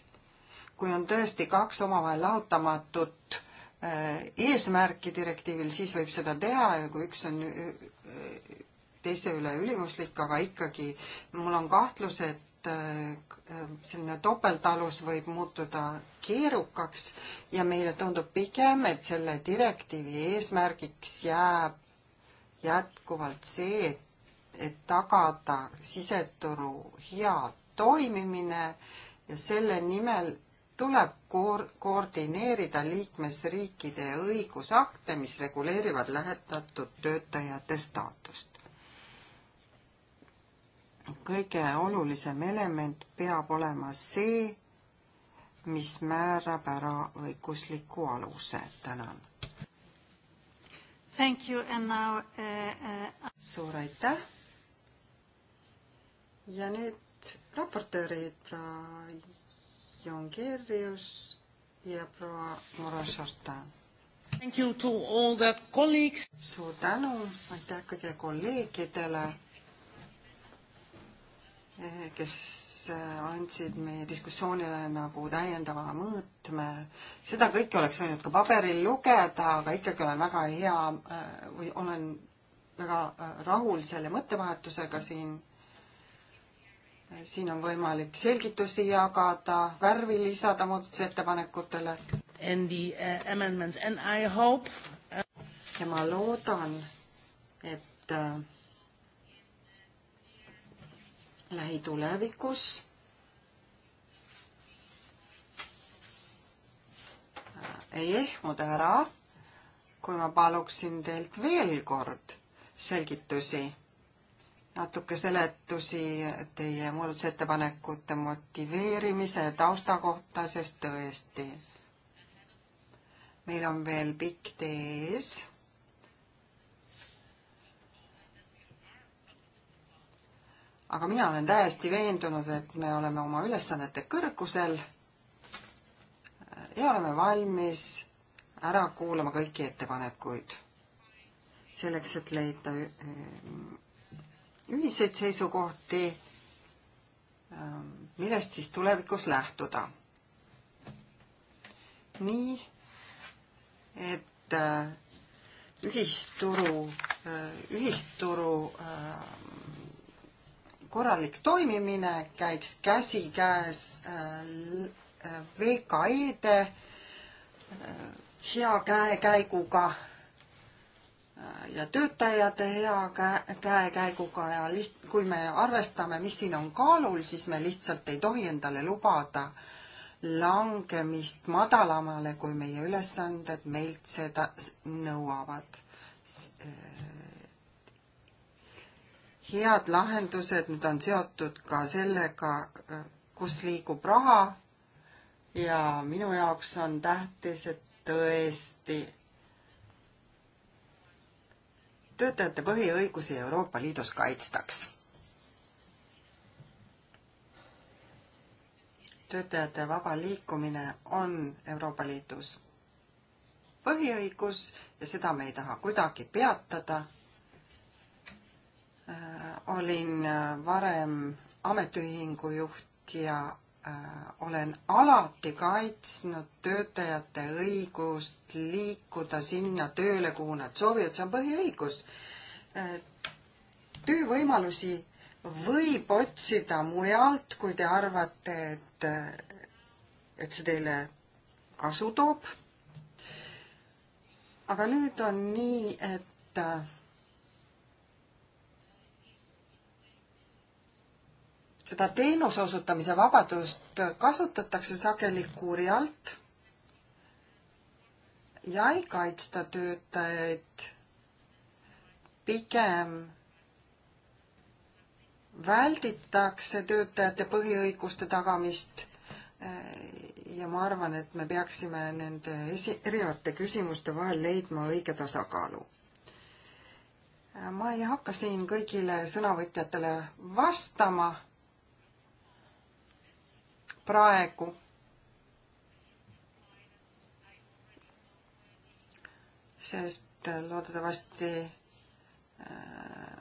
kui on tõesti kaks omavahel lahutamatut äh, eesmärki direktiivil, siis võib seda teha ja kui üks on äh, teise üle ülimuslik, aga ikkagi mul on kahtlus, et et äh, selline topeltalus võib muutuda keerukaks ja meile tundub pigem, et selle direktiivi eesmärgiks jääb jätkuvalt see, et, et tagada siseturu hea toimimine ja selle nimel tuleb koor-, koordineerida liikmesriikide õigusakte, mis reguleerivad lähetatud töötajate staatust kõige olulisem element peab olema see, mis määrab ära õigusliku aluse. tänan. Thank you and now uh, uh... suur aitäh. ja nüüd raportöörid proua Jongeerius ja proua Mora Šartan. Thank you to all the colleagues. suur tänu, aitäh kõigile kolleegidele kes äh, andsid meie diskussioonile nagu täiendava mõõtme. seda kõike oleks võinud ka paberil lugeda, aga ikkagi olen väga hea äh, või olen väga äh, rahul selle mõttevahetusega siin. siin on võimalik selgitusi jagada, värvi lisada muudatusettepanekutele. And the uh, amendments and I hope uh.... ja ma loodan, et uh, lähitulevikus. Äh, ei ehmuda ära, kui ma paluksin teilt veel kord selgitusi, natuke seletusi teie muudatusettepanekute motiveerimise ja tausta kohta, sest tõesti, meil on veel pikk tee ees aga mina olen täiesti veendunud, et me oleme oma ülesannete kõrgusel ja oleme valmis ära kuulama kõiki ettepanekuid selleks, et leida eh, ühiseid seisukohti, ähm, millest siis tulevikus lähtuda. nii, et äh, ühisturu, äh, ühisturu äh, korralik toimimine käiks käsikäes äh, äh, VKE-de äh, hea käekäiguga ja töötajate hea käe, käekäiguga ja liht-, kui me arvestame, mis siin on kaalul, siis me lihtsalt ei tohi endale lubada langemist madalamale, kui meie ülesanded meilt seda nõuavad head lahendused nüüd on seotud ka sellega, kus liigub raha ja minu jaoks on tähtis, et tõesti töötajate põhiõigusi Euroopa Liidus kaitstaks. töötajate vaba liikumine on Euroopa Liidus põhiõigus ja seda me ei taha kuidagi peatada Äh, olin äh, varem ametiühingu juht ja äh, olen alati kaitsnud töötajate õigust liikuda sinna tööle, kuhu nad soovivad, see on põhiõigus. töövõimalusi võib otsida mujalt, kui te arvate, et, et see teile kasu toob. aga nüüd on nii, et seda teenuse osutamise vabadust kasutatakse sageli kuuri alt ja ei kaitsta töötajaid pigem välditakse töötajate põhiõiguste tagamist eh, ja ma arvan, et me peaksime nende esi-, erinevate küsimuste vahel leidma õige tasakaalu. ma ei hakka siin kõigile sõnavõtjatele vastama praegu. sest äh, loodetavasti äh,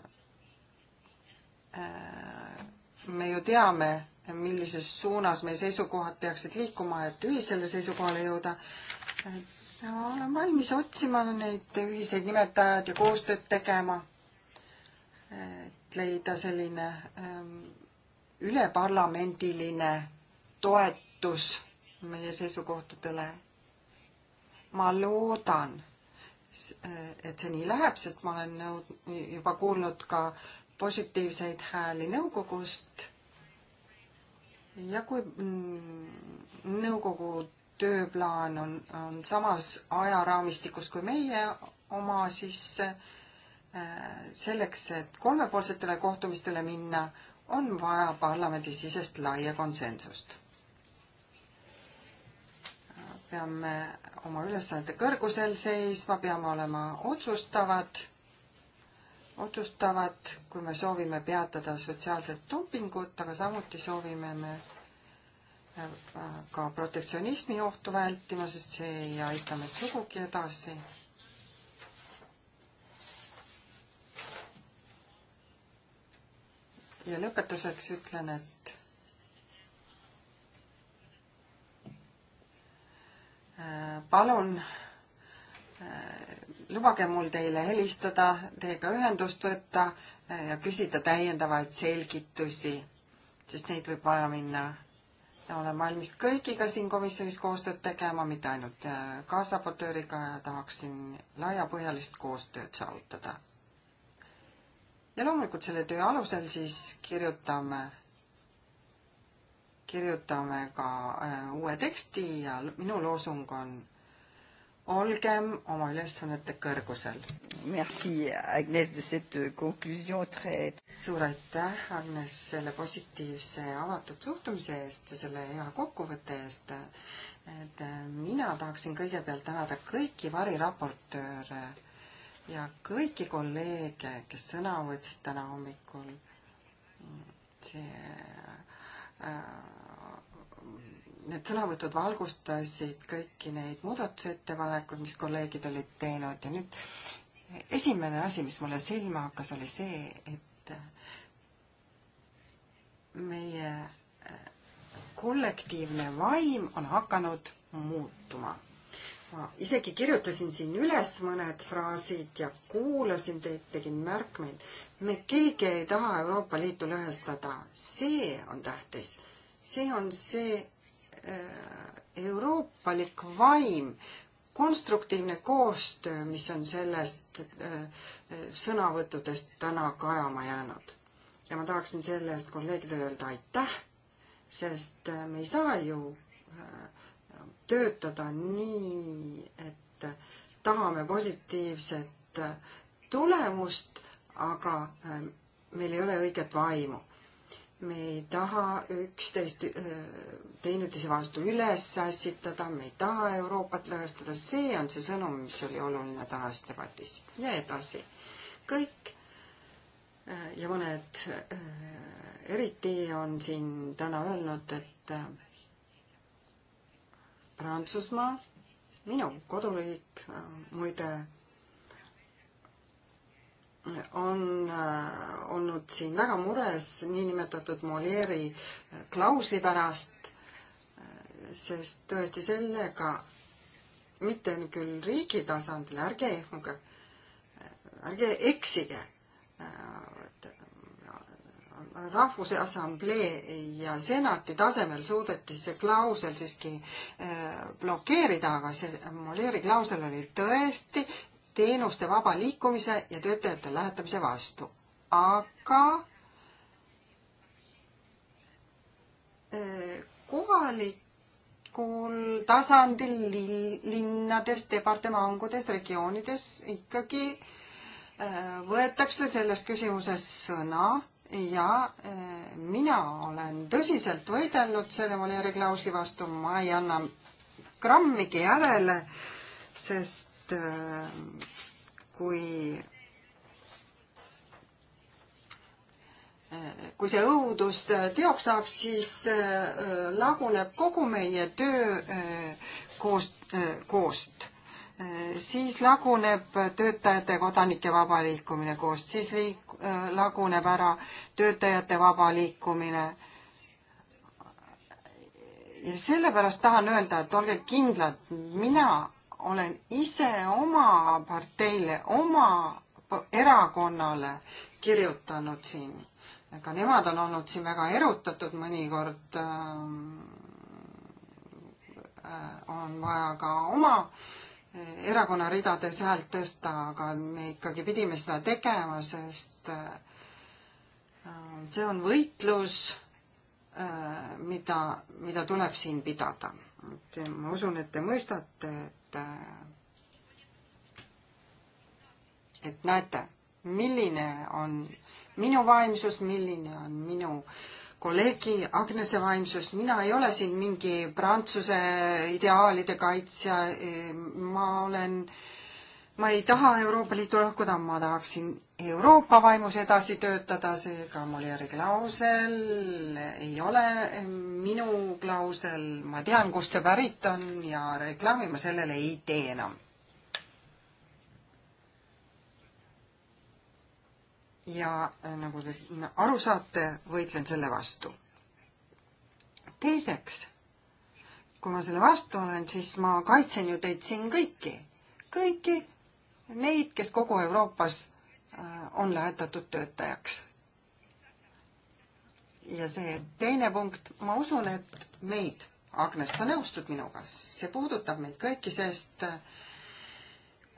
äh, me ju teame, millises suunas meie seisukohad peaksid liikuma, et ühisele seisukohale jõuda. olen valmis otsima neid ühiseid nimetajaid ja koostööd tegema et leida selline ähm, üleparlamendiline toetus meie seisukohtadele. ma loodan, et see nii läheb, sest ma olen nõud-, juba kuulnud ka positiivseid hääli nõukogust ja kui nõukogu tööplaan on, on samas ajaraamistikus kui meie oma, siis äh, selleks, et kolmepoolsetele kohtumistele minna, on vaja parlamendisisest laia konsensust peame oma ülesannete kõrgusel seisma, peame olema otsustavad, otsustavad, kui me soovime peatada sotsiaalset dumpingut, aga samuti soovime me äh, ka protektsionismi ohtu vältima, sest see ei aita meid sugugi edasi ja lõpetuseks ütlen, et palun äh, lubage mul teile helistada, teiega ühendust võtta äh, ja küsida täiendavaid selgitusi, sest neid võib vaja minna. ja olen valmis kõigiga siin komisjonis koostööd tegema, mitte ainult äh, kaasraportööriga ja tahaksin laiapõhjalist koostööd saavutada. ja loomulikult selle töö alusel siis kirjutame kirjutame ka äh, uue teksti ja minu loosung on olgem oma ülesannete kõrgusel. suur aitäh, Agnes, selle positiivse avatud suhtumise eest ja selle hea kokkuvõtte eest. et äh, mina tahaksin kõigepealt tänada kõiki variraportööre ja kõiki kolleege, kes sõna võtsid täna hommikul. see äh, need sõnavõtud valgustasid kõiki neid muudatusettepanekuid, mis kolleegid olid teinud ja nüüd esimene asi, mis mulle silma hakkas, oli see, et meie äh, kollektiivne vaim on hakanud muutuma. ma isegi kirjutasin siin üles mõned fraasid ja kuulasin teid, tegin märkmeid. me keegi ei taha Euroopa Liitu lõhestada, see on tähtis. see on see, Äh, euroopalik vaim, konstruktiivne koostöö, mis on sellest äh, sõnavõttudest täna kajama jäänud. ja ma tahaksin selle eest kolleegidele öelda aitäh, sest äh, me ei saa ju töötada nii, et tahame positiivset tulemust, aga meil ei ole õiget vaimu me ei taha üksteist äh, teineteise vastu üles ässitada, me ei taha Euroopat lõhestada, see on see sõnum, mis oli oluline tänases debatis ja edasi. kõik äh, ja mõned äh, eriti on siin täna öelnud, et Prantsusmaa, minu koduriik muide on äh, olnud siin väga mures niinimetatud Molieri äh, klausli pärast, äh, sest tõesti sellega, mitte küll riigi tasandil, ärge ehmuge, ärge eksige, Rahvusassamblee ja senati tasemel suudeti see klausel siiski blokeerida, aga see Molieri klausel oli tõesti teenuste vaba liikumise ja töötajate lähetamise vastu. aga eh, kohalikul tasandil linnades, departamangudest, regioonides ikkagi eh, võetakse selles küsimuses sõna ja eh, mina olen tõsiselt võidelnud selle Molieri klausli vastu, ma ei anna grammigi järele, sest Äh, kui äh, kui see õudus äh, teoks saab, siis laguneb kogu meie töö koost, koost. siis laguneb töötajate kodanike vaba liikumine koost, siis liik-, laguneb ära töötajate vaba liikumine. ja sellepärast tahan öelda, et olge kindlad, mina olen ise oma parteile, oma erakonnale kirjutanud siin. ka nemad on olnud siin väga erutatud mõnikord ähm, on vaja ka oma erakonna ridades häält tõsta, aga me ikkagi pidime seda tegema, sest äh, see on võitlus, äh, mida, mida tuleb siin pidada te, ma usun, et te mõistate, et et näete, milline on minu vaimsus, milline on minu kolleegi Agnese vaimsus, mina ei ole siin mingi prantsuse ideaalide kaitsja, ma olen, ma ei taha Euroopa Liitu lõhkuda, ma tahaksin Euroopa vaimus edasi töötada, seega Molieri klausel ei ole eh, minu klausel, ma tean, kust see pärit on ja reklaami ma sellele ei tee enam. ja eh, nagu te aru saate, võitlen selle vastu. teiseks, kui ma selle vastu olen, siis ma kaitsen ju teid siin kõiki, kõiki neid, kes kogu Euroopas Äh, on lähetatud töötajaks. ja see teine punkt, ma usun, et meid, Agnes, sa nõustud minuga, see puudutab meid kõiki, sest äh,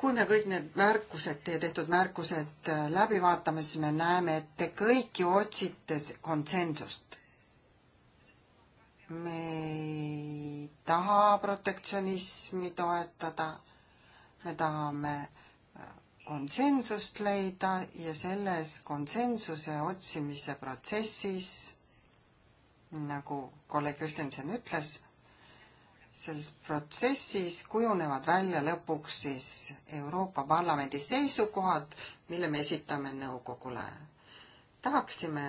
kui me kõik need märkused, teie tehtud märkused äh, läbi vaatame, siis me näeme, et te kõik ju otsite konsensust. me ei taha protektsionismi toetada, me tahame konsensust leida ja selles konsensuse otsimise protsessis, nagu kolleeg Kristjanson ütles, selles protsessis kujunevad välja lõpuks siis Euroopa Parlamendi seisukohad, mille me esitame nõukogule. tahaksime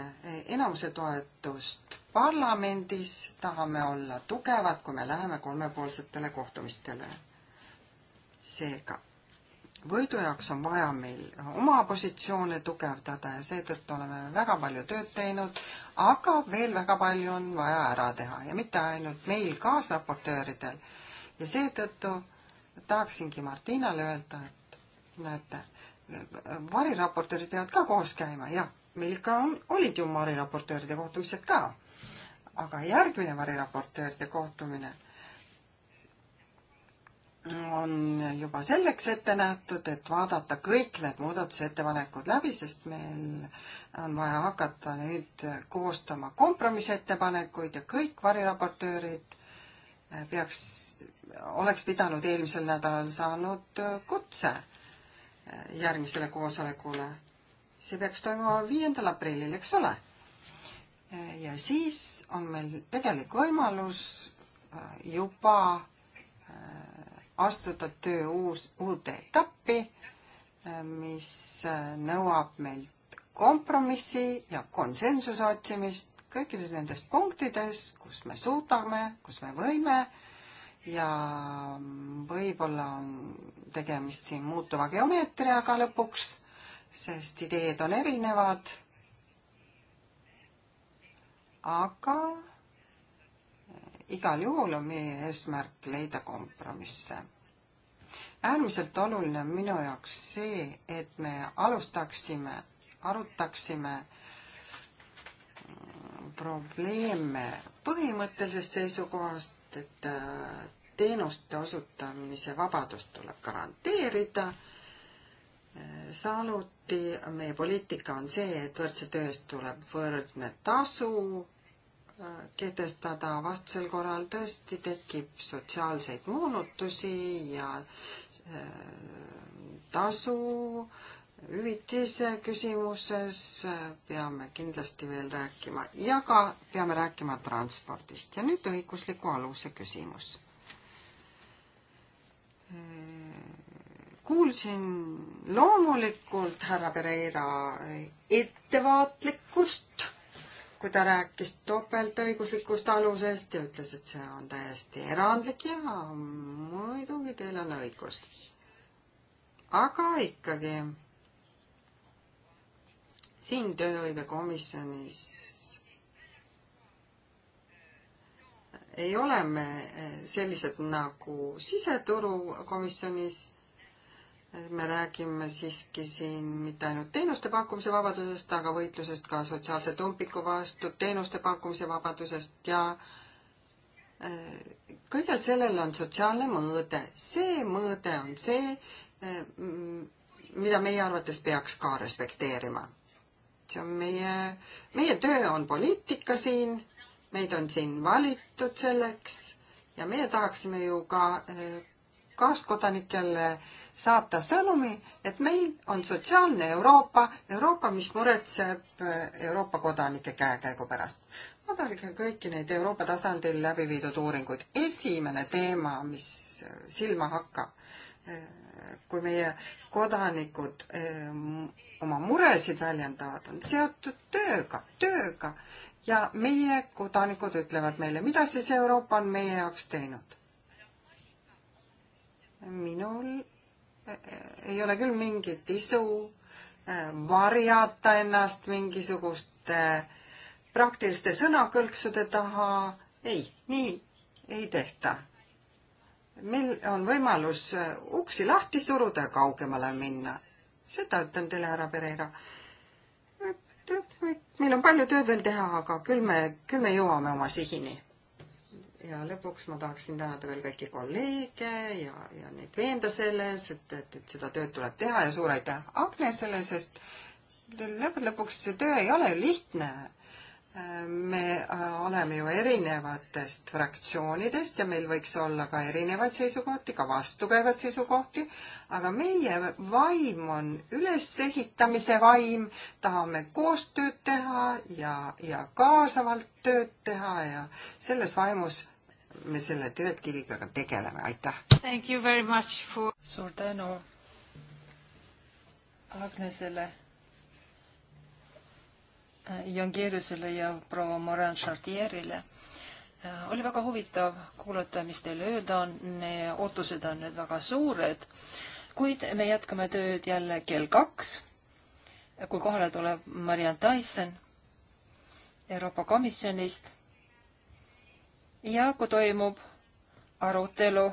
enamuse toetust parlamendis, tahame olla tugevad, kui me läheme kolmepoolsetele kohtumistele. seega võidu jaoks on vaja meil oma positsioone tugevdada ja seetõttu oleme väga palju tööd teinud, aga veel väga palju on vaja ära teha ja mitte ainult meil kaasraportööridel. ja seetõttu tahaksingi Martinale öelda, et näete, variraportöörid peavad ka koos käima, jah, meil ikka on, olid ju variraportööride kohtumised ka, aga järgmine variraportööride kohtumine on juba selleks ette nähtud, et vaadata kõik need muudatusettepanekud läbi, sest meil on vaja hakata nüüd koostama kompromissettepanekuid ja kõik variraportöörid peaks, oleks pidanud eelmisel nädalal saanud kutse järgmisele koosolekule. see peaks toimuma viiendal aprillil, eks ole? ja siis on meil tegelik võimalus juba astuda töö uus, uude etappi, äh, mis äh, nõuab meilt kompromissi ja konsensuse otsimist kõikides nendes punktides, kus me suudame, kus me võime ja võib-olla on tegemist siin muutuva geomeetriaga lõpuks, sest ideed on erinevad. aga igal juhul on meie eesmärk leida kompromisse. äärmiselt oluline on minu jaoks see, et me alustaksime, arutaksime probleeme põhimõttelisest seisukohast, et äh, teenuste osutamise vabadust tuleb garanteerida. Äh, samuti meie poliitika on see, et võrdse töö eest tuleb võrdne tasu, kehtestada, vastasel korral tõesti tekib sotsiaalseid moonutusi ja äh, tasu hüvitise küsimuses äh, peame kindlasti veel rääkima ja ka peame rääkima transpordist ja nüüd õigusliku aluse küsimus. Äh, kuulsin loomulikult härra Pereira ettevaatlikkust kui ta rääkis topeltõiguslikust alusest ja ütles, et see on täiesti erandlik ja muidugi teil on õigus. aga ikkagi siin tööhõivekomisjonis ei ole me sellised nagu siseturukomisjonis me räägime siiski siin mitte ainult teenuste pakkumise vabadusest, aga võitlusest ka sotsiaalse tumpiku vastu, teenuste pakkumise vabadusest ja äh, kõigel sellel on sotsiaalne mõõde. see mõõde on see, äh, mida meie arvates peaks ka respekteerima. see on meie, meie töö on poliitika siin, meid on siin valitud selleks ja meie tahaksime ju ka äh, kaaskodanikele saata sõnumi, et meil on sotsiaalne Euroopa, Euroopa, mis muretseb äh, Euroopa kodanike käekäigu pärast. vaadake kõiki neid Euroopa tasandil läbi viidud uuringuid. esimene teema, mis äh, silma hakkab, äh, kui meie kodanikud oma muresid väljendavad, on seotud tööga, tööga ja meie kodanikud ütlevad meile, mida siis Euroopa on meie jaoks teinud minul eh, ei ole küll mingit isu eh, varjata ennast mingisuguste praktiliste sõnakõlksude taha. ei, nii ei tehta. meil on võimalus eh, uksi lahti suruda ja kaugemale minna. seda ütlen teile, härra Pereira. et meil on palju tööd veel teha, aga küll me, küll me jõuame oma sihini ja lõpuks ma tahaksin tänada veel kõiki kolleege ja, ja neid veenda selles, et, et, et seda tööd tuleb teha ja suur aitäh Agnesele, sest lõppude lõpuks see töö ei ole ju lihtne. me äh, oleme ju erinevatest fraktsioonidest ja meil võiks olla ka erinevaid seisukohti, ka vastukäivaid seisukohti, aga meie vaim on ülesehitamise vaim, tahame koostööd teha ja, ja kaasavalt tööd teha ja selles vaimus me selle direktiiviga ka tegeleme, aitäh! For... suur tänu Agnesele, äh, Jongeeriusele ja proua Morin Chartierile. Äh, oli väga huvitav kuulata, mis teil öelda on, meie ootused on nüüd väga suured, kuid me jätkame tööd jälle kell kaks, kui kohale tuleb Marianne Tyson Euroopa Komisjonist ja kui toimub arutelu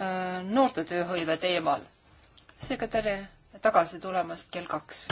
äh, noorte tööhõive teemal. seega tere tagasi tulemast kell kaks.